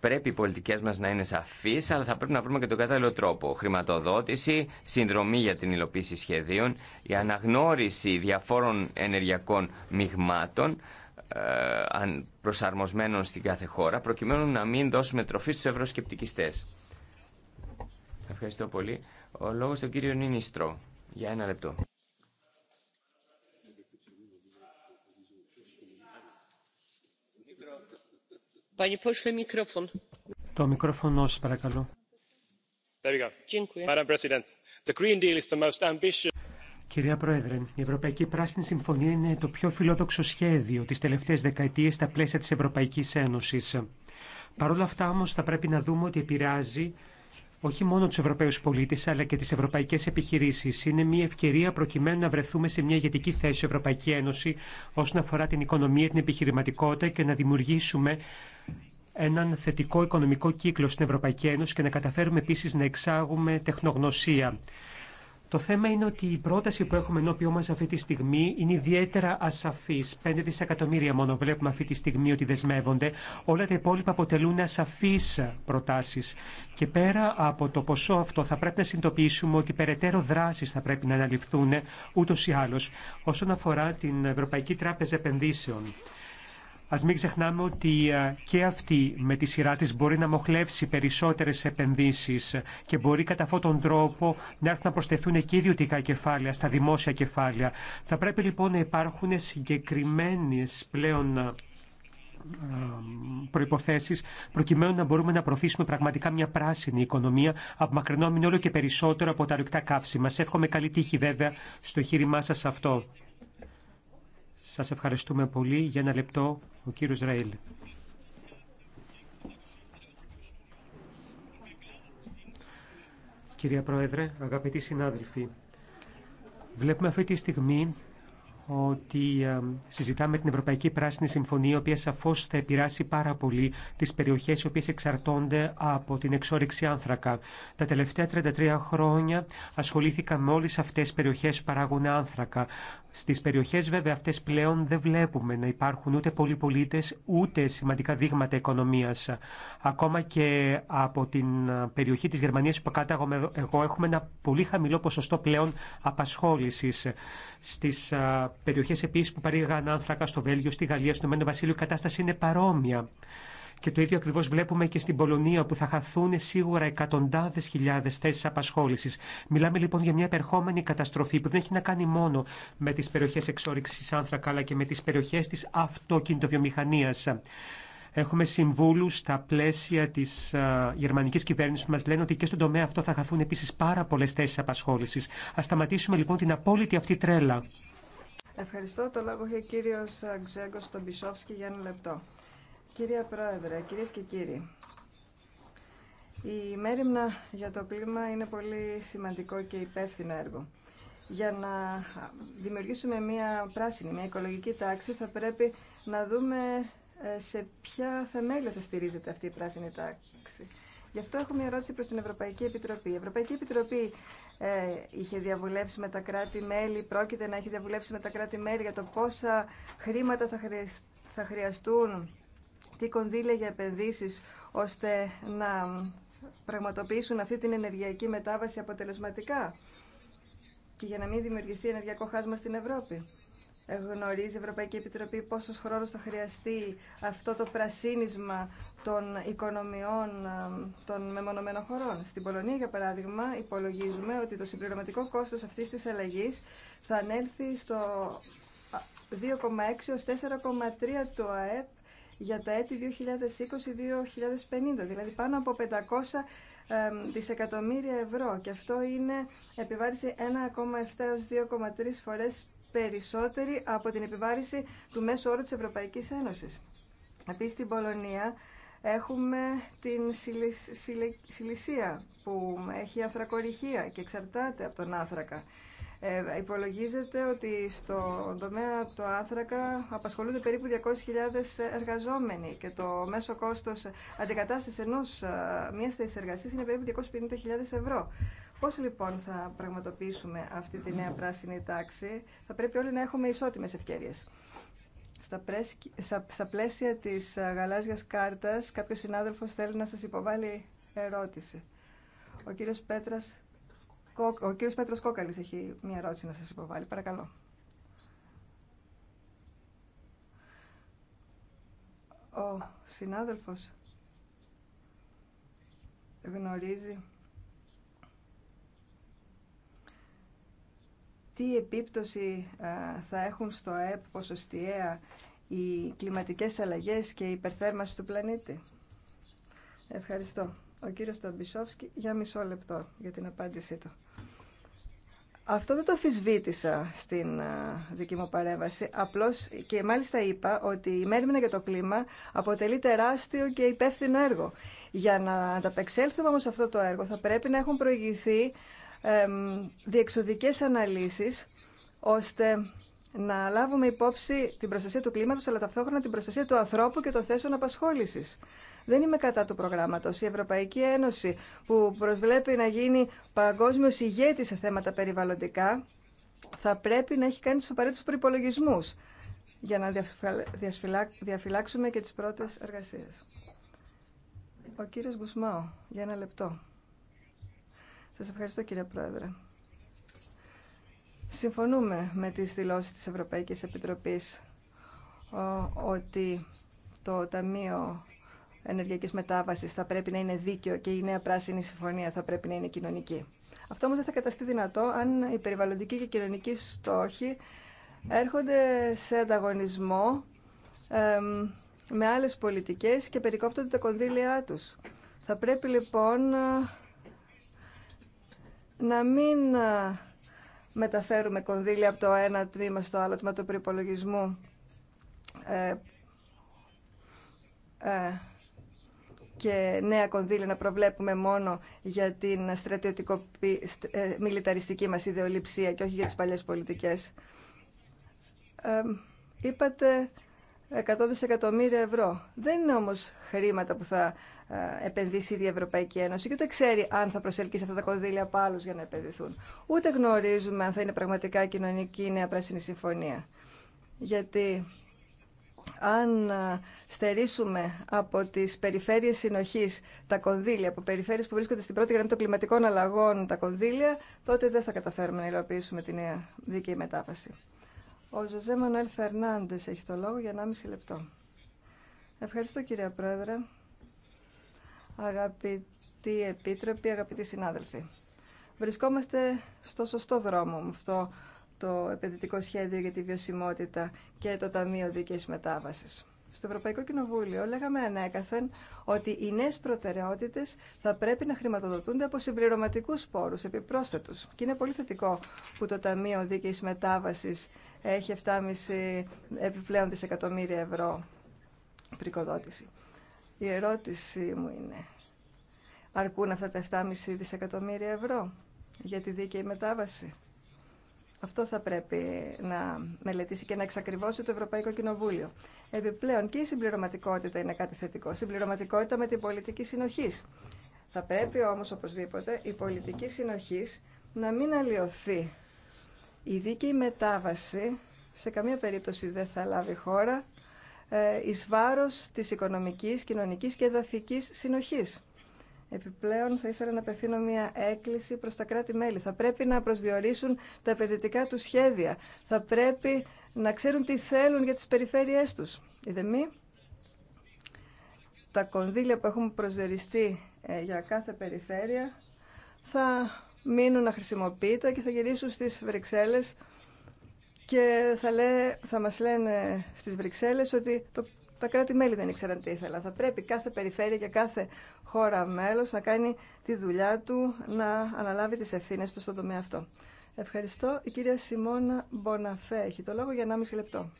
Πρέπει οι πολιτικέ μα να είναι σαφείς, αλλά θα πρέπει να βρούμε και τον κατάλληλο τρόπο. Χρηματοδότηση, συνδρομή για την υλοποίηση σχεδίων, η αναγνώριση διαφόρων ενεργειακών μειγμάτων, ε, προσαρμοσμένων στην κάθε χώρα, προκειμένου να μην δώσουμε τροφή στους ευρωσκεπτικιστές. Ευχαριστώ πολύ. Ο λόγος στον κύριο Νίνιστρο. Για ένα λεπτό. Το μικρόφωνο σας παρακαλώ. There you go. Madam President, the Green Deal is the most ambitious... Κυρία Πρόεδρε, η Ευρωπαϊκή Πράσινη Συμφωνία είναι το πιο φιλόδοξο σχέδιο τις τελευταίες δεκαετίες στα πλαίσια της Ευρωπαϊκής Ένωσης. Παρ' όλα αυτά όμως θα πρέπει να δούμε ότι επηρεάζει όχι μόνο του Ευρωπαίου πολίτε, αλλά και τι ευρωπαϊκέ επιχειρήσει. Είναι μια ευκαιρία προκειμένου να βρεθούμε σε μια ηγετική θέση στην Ευρωπαϊκή Ένωση όσον αφορά την οικονομία, την επιχειρηματικότητα και να δημιουργήσουμε έναν θετικό οικονομικό κύκλο στην Ευρωπαϊκή Ένωση και να καταφέρουμε επίση να εξάγουμε τεχνογνωσία. Το θέμα είναι ότι η πρόταση που έχουμε ενώπιό μα αυτή τη στιγμή είναι ιδιαίτερα ασαφή. 5 δισεκατομμύρια μόνο βλέπουμε αυτή τη στιγμή ότι δεσμεύονται. Όλα τα υπόλοιπα αποτελούν ασαφεί προτάσει. Και πέρα από το ποσό αυτό θα πρέπει να συνειδητοποιήσουμε ότι περαιτέρω δράσει θα πρέπει να αναλυφθούν ούτω ή άλλω. Όσον αφορά την Ευρωπαϊκή Τράπεζα Επενδύσεων, Ας μην ξεχνάμε ότι ε, και αυτή με τη σειρά της μπορεί να μοχλεύσει περισσότερες επενδύσεις και μπορεί κατά αυτόν τον τρόπο να έρθουν να προσθεθούν και ιδιωτικά κεφάλαια στα δημόσια κεφάλαια. Θα πρέπει λοιπόν να υπάρχουν συγκεκριμένες πλέον ε, προϋποθέσεις προκειμένου να μπορούμε να προωθήσουμε πραγματικά μια πράσινη οικονομία απομακρυνόμενη όλο και περισσότερο από τα ρηκτά καύσιμα. Σε εύχομαι καλή τύχη βέβαια στο χείρημά σας αυτό. Σας ευχαριστούμε πολύ. Για ένα λεπτό, ο κύριος Ραήλ. Κυρία Πρόεδρε, αγαπητοί συνάδελφοι, βλέπουμε αυτή τη στιγμή ότι ε, συζητάμε την Ευρωπαϊκή Πράσινη Συμφωνία, η οποία σαφώς θα επηρεάσει πάρα πολύ τις περιοχές οι οποίε εξαρτώνται από την εξόριξη άνθρακα. Τα τελευταία 33 χρόνια ασχολήθηκα με όλες αυτέ τι περιοχέ που παράγουν άνθρακα. Στις περιοχές βέβαια αυτές πλέον δεν βλέπουμε να υπάρχουν ούτε πολλοί πολίτε ούτε σημαντικά δείγματα οικονομίας. Ακόμα και από την ε, περιοχή της Γερμανίας που κάταγω εγώ έχουμε ένα πολύ χαμηλό ποσοστό πλέον απασχόλησης. Στις ε, περιοχές επίσης που παρήγαν άνθρακα στο Βέλγιο, στη Γαλλία, στο Μένο Βασίλειο η κατάσταση είναι παρόμοια. Και το ίδιο ακριβώ βλέπουμε και στην Πολωνία, όπου θα χαθούν σίγουρα εκατοντάδε χιλιάδε θέσει απασχόληση. Μιλάμε λοιπόν για μια επερχόμενη καταστροφή που δεν έχει να κάνει μόνο με τι περιοχέ εξόριξη άνθρακα, αλλά και με τι περιοχέ τη αυτοκινητοβιομηχανία. Έχουμε συμβούλου στα πλαίσια τη γερμανική κυβέρνηση που μα λένε ότι και στον τομέα αυτό θα χαθούν επίση πάρα πολλέ θέσει απασχόληση. Α σταματήσουμε λοιπόν την απόλυτη αυτή τρέλα. Ευχαριστώ. Το λόγο έχει ο κύριο Ξέγκο Τομπισόφσκι για ένα λεπτό. Κυρία Πρόεδρε, κυρίες και κύριοι, η μέρημνα για το κλίμα είναι πολύ σημαντικό και υπεύθυνο έργο. Για να δημιουργήσουμε μια πράσινη, μια οικολογική τάξη, θα πρέπει να δούμε ε, σε ποια θεμέλια θα στηρίζεται αυτή η πράσινη τάξη. Γι' αυτό έχω μια ερώτηση προς την Ευρωπαϊκή Επιτροπή. Η Ευρωπαϊκή Επιτροπή ε, είχε διαβουλεύσει με τα κράτη-μέλη, πρόκειται να έχει διαβουλεύσει με τα κράτη-μέλη για το πόσα χρήματα θα, χρειαστούν τι κονδύλια για επενδύσεις ώστε να πραγματοποιήσουν αυτή την ενεργειακή μετάβαση αποτελεσματικά και για να μην δημιουργηθεί ενεργειακό χάσμα στην Ευρώπη. Γνωρίζει η Ευρωπαϊκή Επιτροπή πόσο χρόνος θα χρειαστεί αυτό το πρασίνισμα των οικονομιών των μεμονωμένων χωρών. Στην Πολωνία, για παράδειγμα, υπολογίζουμε ότι το συμπληρωματικό κόστος αυτής της αλλαγής θα ανέλθει στο 2,6 ως 4,3 του ΑΕΠ για τα έτη 2020-2050, δηλαδή πάνω από 500 δισεκατομμύρια ευρώ και αυτό είναι επιβάρηση 1,7 έως 2,3 φορές περισσότερη από την επιβάρηση του μέσου όρου της Ευρωπαϊκής Ένωσης. Επίσης στην Πολωνία έχουμε την Σιλισία που έχει ανθρακοριχεία και εξαρτάται από τον άνθρακα. Ε, υπολογίζεται ότι στον τομέα του άνθρακα απασχολούνται περίπου 200.000 εργαζόμενοι και το μέσο κόστος αντικατάστασης ενός ε, μιας θέσης εργασίας είναι περίπου 250.000 ευρώ. Πώς λοιπόν θα πραγματοποιήσουμε αυτή τη νέα πράσινη τάξη, θα πρέπει όλοι να έχουμε ισότιμες ευκαιρίες. Στα, στα πλαίσια της ε, γαλάζιας κάρτας κάποιος συνάδελφος θέλει να σας υποβάλει ερώτηση. Ο κύριος Πέτρας ο κύριος Πέτρος Κόκαλης έχει μια ερώτηση να σας υποβάλει. Παρακαλώ. Ο συνάδελφος γνωρίζει τι επίπτωση ε, θα έχουν στο ΕΠ ποσοστιαία οι κλιματικές αλλαγές και η υπερθέρμανση του πλανήτη. Ευχαριστώ. Ο κύριος Τομπισόφσκι για μισό λεπτό για την απάντησή του. Αυτό δεν το αφισβήτησα στην δική μου παρέμβαση. Απλώς και μάλιστα είπα ότι η μέρημνα για το κλίμα αποτελεί τεράστιο και υπεύθυνο έργο. Για να ανταπεξέλθουμε όμω σε αυτό το έργο θα πρέπει να έχουν προηγηθεί διεξοδικέ αναλύσεις ώστε να λάβουμε υπόψη την προστασία του κλίματος, αλλά ταυτόχρονα την προστασία του ανθρώπου και των θέσεων απασχόληση. Δεν είμαι κατά του προγράμματο. Η Ευρωπαϊκή Ένωση που προσβλέπει να γίνει παγκόσμιο ηγέτη σε θέματα περιβαλλοντικά, θα πρέπει να έχει κάνει του απαραίτητου προπολογισμού για να διαφυλάξουμε και τι πρώτε εργασίε. Ο κύριος Γκουσμάου, για ένα λεπτό. Σας ευχαριστώ κύριε Πρόεδρε. Συμφωνούμε με τις δηλώσεις της Ευρωπαϊκής Επιτροπής ότι το Ταμείο Ενεργειακής Μετάβασης θα πρέπει να είναι δίκαιο και η Νέα Πράσινη Συμφωνία θα πρέπει να είναι κοινωνική. Αυτό όμως δεν θα καταστεί δυνατό αν οι περιβαλλοντικοί και κοινωνικοί στόχοι έρχονται σε ανταγωνισμό με άλλες πολιτικές και περικόπτονται τα κονδύλια τους. Θα πρέπει λοιπόν ε, να μην ε, μεταφέρουμε κονδύλια από το ένα τμήμα στο άλλο τμήμα του προπολογισμού. Ε, ε, και νέα κονδύλια να προβλέπουμε μόνο για την στρατιωτικο ε, μιλιταριστική μας ιδεολειψία και όχι για τις παλιές πολιτικές. Ε, είπατε 100 δισεκατομμύρια ευρώ. Δεν είναι όμως χρήματα που θα ε, επενδύσει η Ευρωπαϊκή Ένωση και ούτε ξέρει αν θα προσελκύσει αυτά τα κονδύλια από άλλου για να επενδυθούν. Ούτε γνωρίζουμε αν θα είναι πραγματικά κοινωνική η νέα πράσινη συμφωνία. Γιατί αν ε, στερήσουμε από τις περιφέρειες συνοχής τα κονδύλια, από περιφέρειες που βρίσκονται στην πρώτη γραμμή των κλιματικών αλλαγών τα κονδύλια, τότε δεν θα καταφέρουμε να υλοποιήσουμε τη νέα δίκαιη μετάβαση. Ο Ζωζέ Μανουέλ Φερνάντες έχει το λόγο για 1,5 λεπτό. Ευχαριστώ κυρία Πρόεδρε, αγαπητοί επίτροποι, αγαπητοί συνάδελφοι. Βρισκόμαστε στο σωστό δρόμο με αυτό το επενδυτικό σχέδιο για τη βιωσιμότητα και το Ταμείο Δικής Μετάβασης στο Ευρωπαϊκό Κοινοβούλιο λέγαμε ανέκαθεν ότι οι νέε προτεραιότητε θα πρέπει να χρηματοδοτούνται από συμπληρωματικού πόρου, επιπρόσθετου. Και είναι πολύ θετικό που το Ταμείο Δίκαιη Μετάβαση έχει 7,5 επιπλέον δισεκατομμύρια ευρώ πρικοδότηση. Η ερώτησή μου είναι, αρκούν αυτά τα 7,5 δισεκατομμύρια ευρώ για τη δίκαιη μετάβαση. Αυτό θα πρέπει να μελετήσει και να εξακριβώσει το Ευρωπαϊκό Κοινοβούλιο. Επιπλέον και η συμπληρωματικότητα είναι κάτι θετικό. Συμπληρωματικότητα με την πολιτική συνοχή. Θα πρέπει όμω οπωσδήποτε η πολιτική συνοχή να μην αλλοιωθεί. Η δίκαιη μετάβαση σε καμία περίπτωση δεν θα λάβει χώρα ε, εις βάρος της οικονομικής, κοινωνικής και εδαφικής συνοχής. Επιπλέον θα ήθελα να απευθύνω μια έκκληση προς τα κράτη-μέλη. Θα πρέπει να προσδιορίσουν τα επενδυτικά του σχέδια. Θα πρέπει να ξέρουν τι θέλουν για τις περιφέρειές τους. Είδε μη, τα κονδύλια που έχουν προσδιοριστεί ε, για κάθε περιφέρεια θα μείνουν αχρησιμοποιητά και θα γυρίσουν στις Βρυξέλλες και θα, θα μας λένε στις Βρυξέλλες ότι το τα κράτη-μέλη δεν ήξεραν τι ήθελα. Θα πρέπει κάθε περιφέρεια και κάθε χώρα μέλος να κάνει τη δουλειά του, να αναλάβει τις ευθύνες του στον τομέα αυτό. Ευχαριστώ. Η κυρία Σιμώνα Μποναφέ έχει το λόγο για 1,5 λεπτό.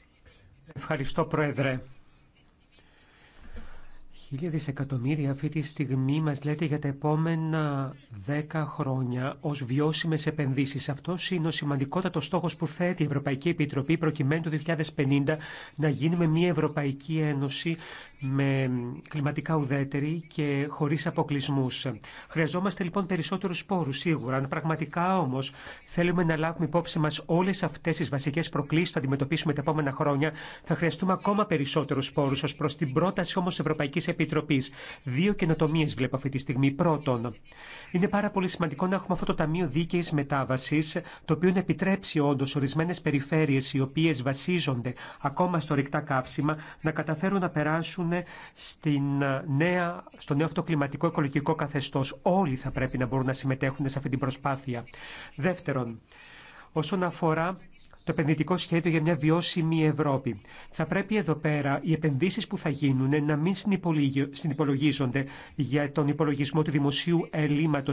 Ευχαριστώ, Πρόεδρε. Χίλια δισεκατομμύρια αυτή τη στιγμή μας λέτε για τα επόμενα δέκα χρόνια ως βιώσιμες επενδύσεις. Αυτό είναι ο σημαντικότατος στόχος που θέτει η Ευρωπαϊκή Επιτροπή προκειμένου το 2050 να γίνουμε μια Ευρωπαϊκή Ένωση με κλιματικά ουδέτερη και χωρίς αποκλεισμούς. Χρειαζόμαστε λοιπόν περισσότερους σπόρους σίγουρα. Αν πραγματικά όμως θέλουμε να λάβουμε υπόψη μας όλες αυτές τις βασικές προκλήσεις που αντιμετωπίσουμε τα επόμενα χρόνια, θα χρειαστούμε ακόμα περισσότερους σπόρους ως προς την πρόταση όμως Ευρωπαϊκής Επιτροπής. Δύο καινοτομίες βλέπω αυτή τη στιγμή. Πρώτον, είναι πάρα πολύ σημαντικό να έχουμε αυτό το Ταμείο δίκαιη μετάβαση, το οποίο να επιτρέψει όντω ορισμένε περιφέρειε οι οποίε βασίζονται ακόμα στο ρηκτά καύσιμα να καταφέρουν να περάσουν στην ε, νέα, στο νέο αυτοκλιματικό οικολογικό καθεστώς. Όλοι θα πρέπει να μπορούν να συμμετέχουν σε αυτή την προσπάθεια. Δεύτερον, όσον αφορά το επενδυτικό σχέδιο για μια βιώσιμη Ευρώπη. Θα πρέπει εδώ πέρα οι επενδύσει που θα γίνουν να μην συνυπολογίζονται για τον υπολογισμό του δημοσίου ελλείμματο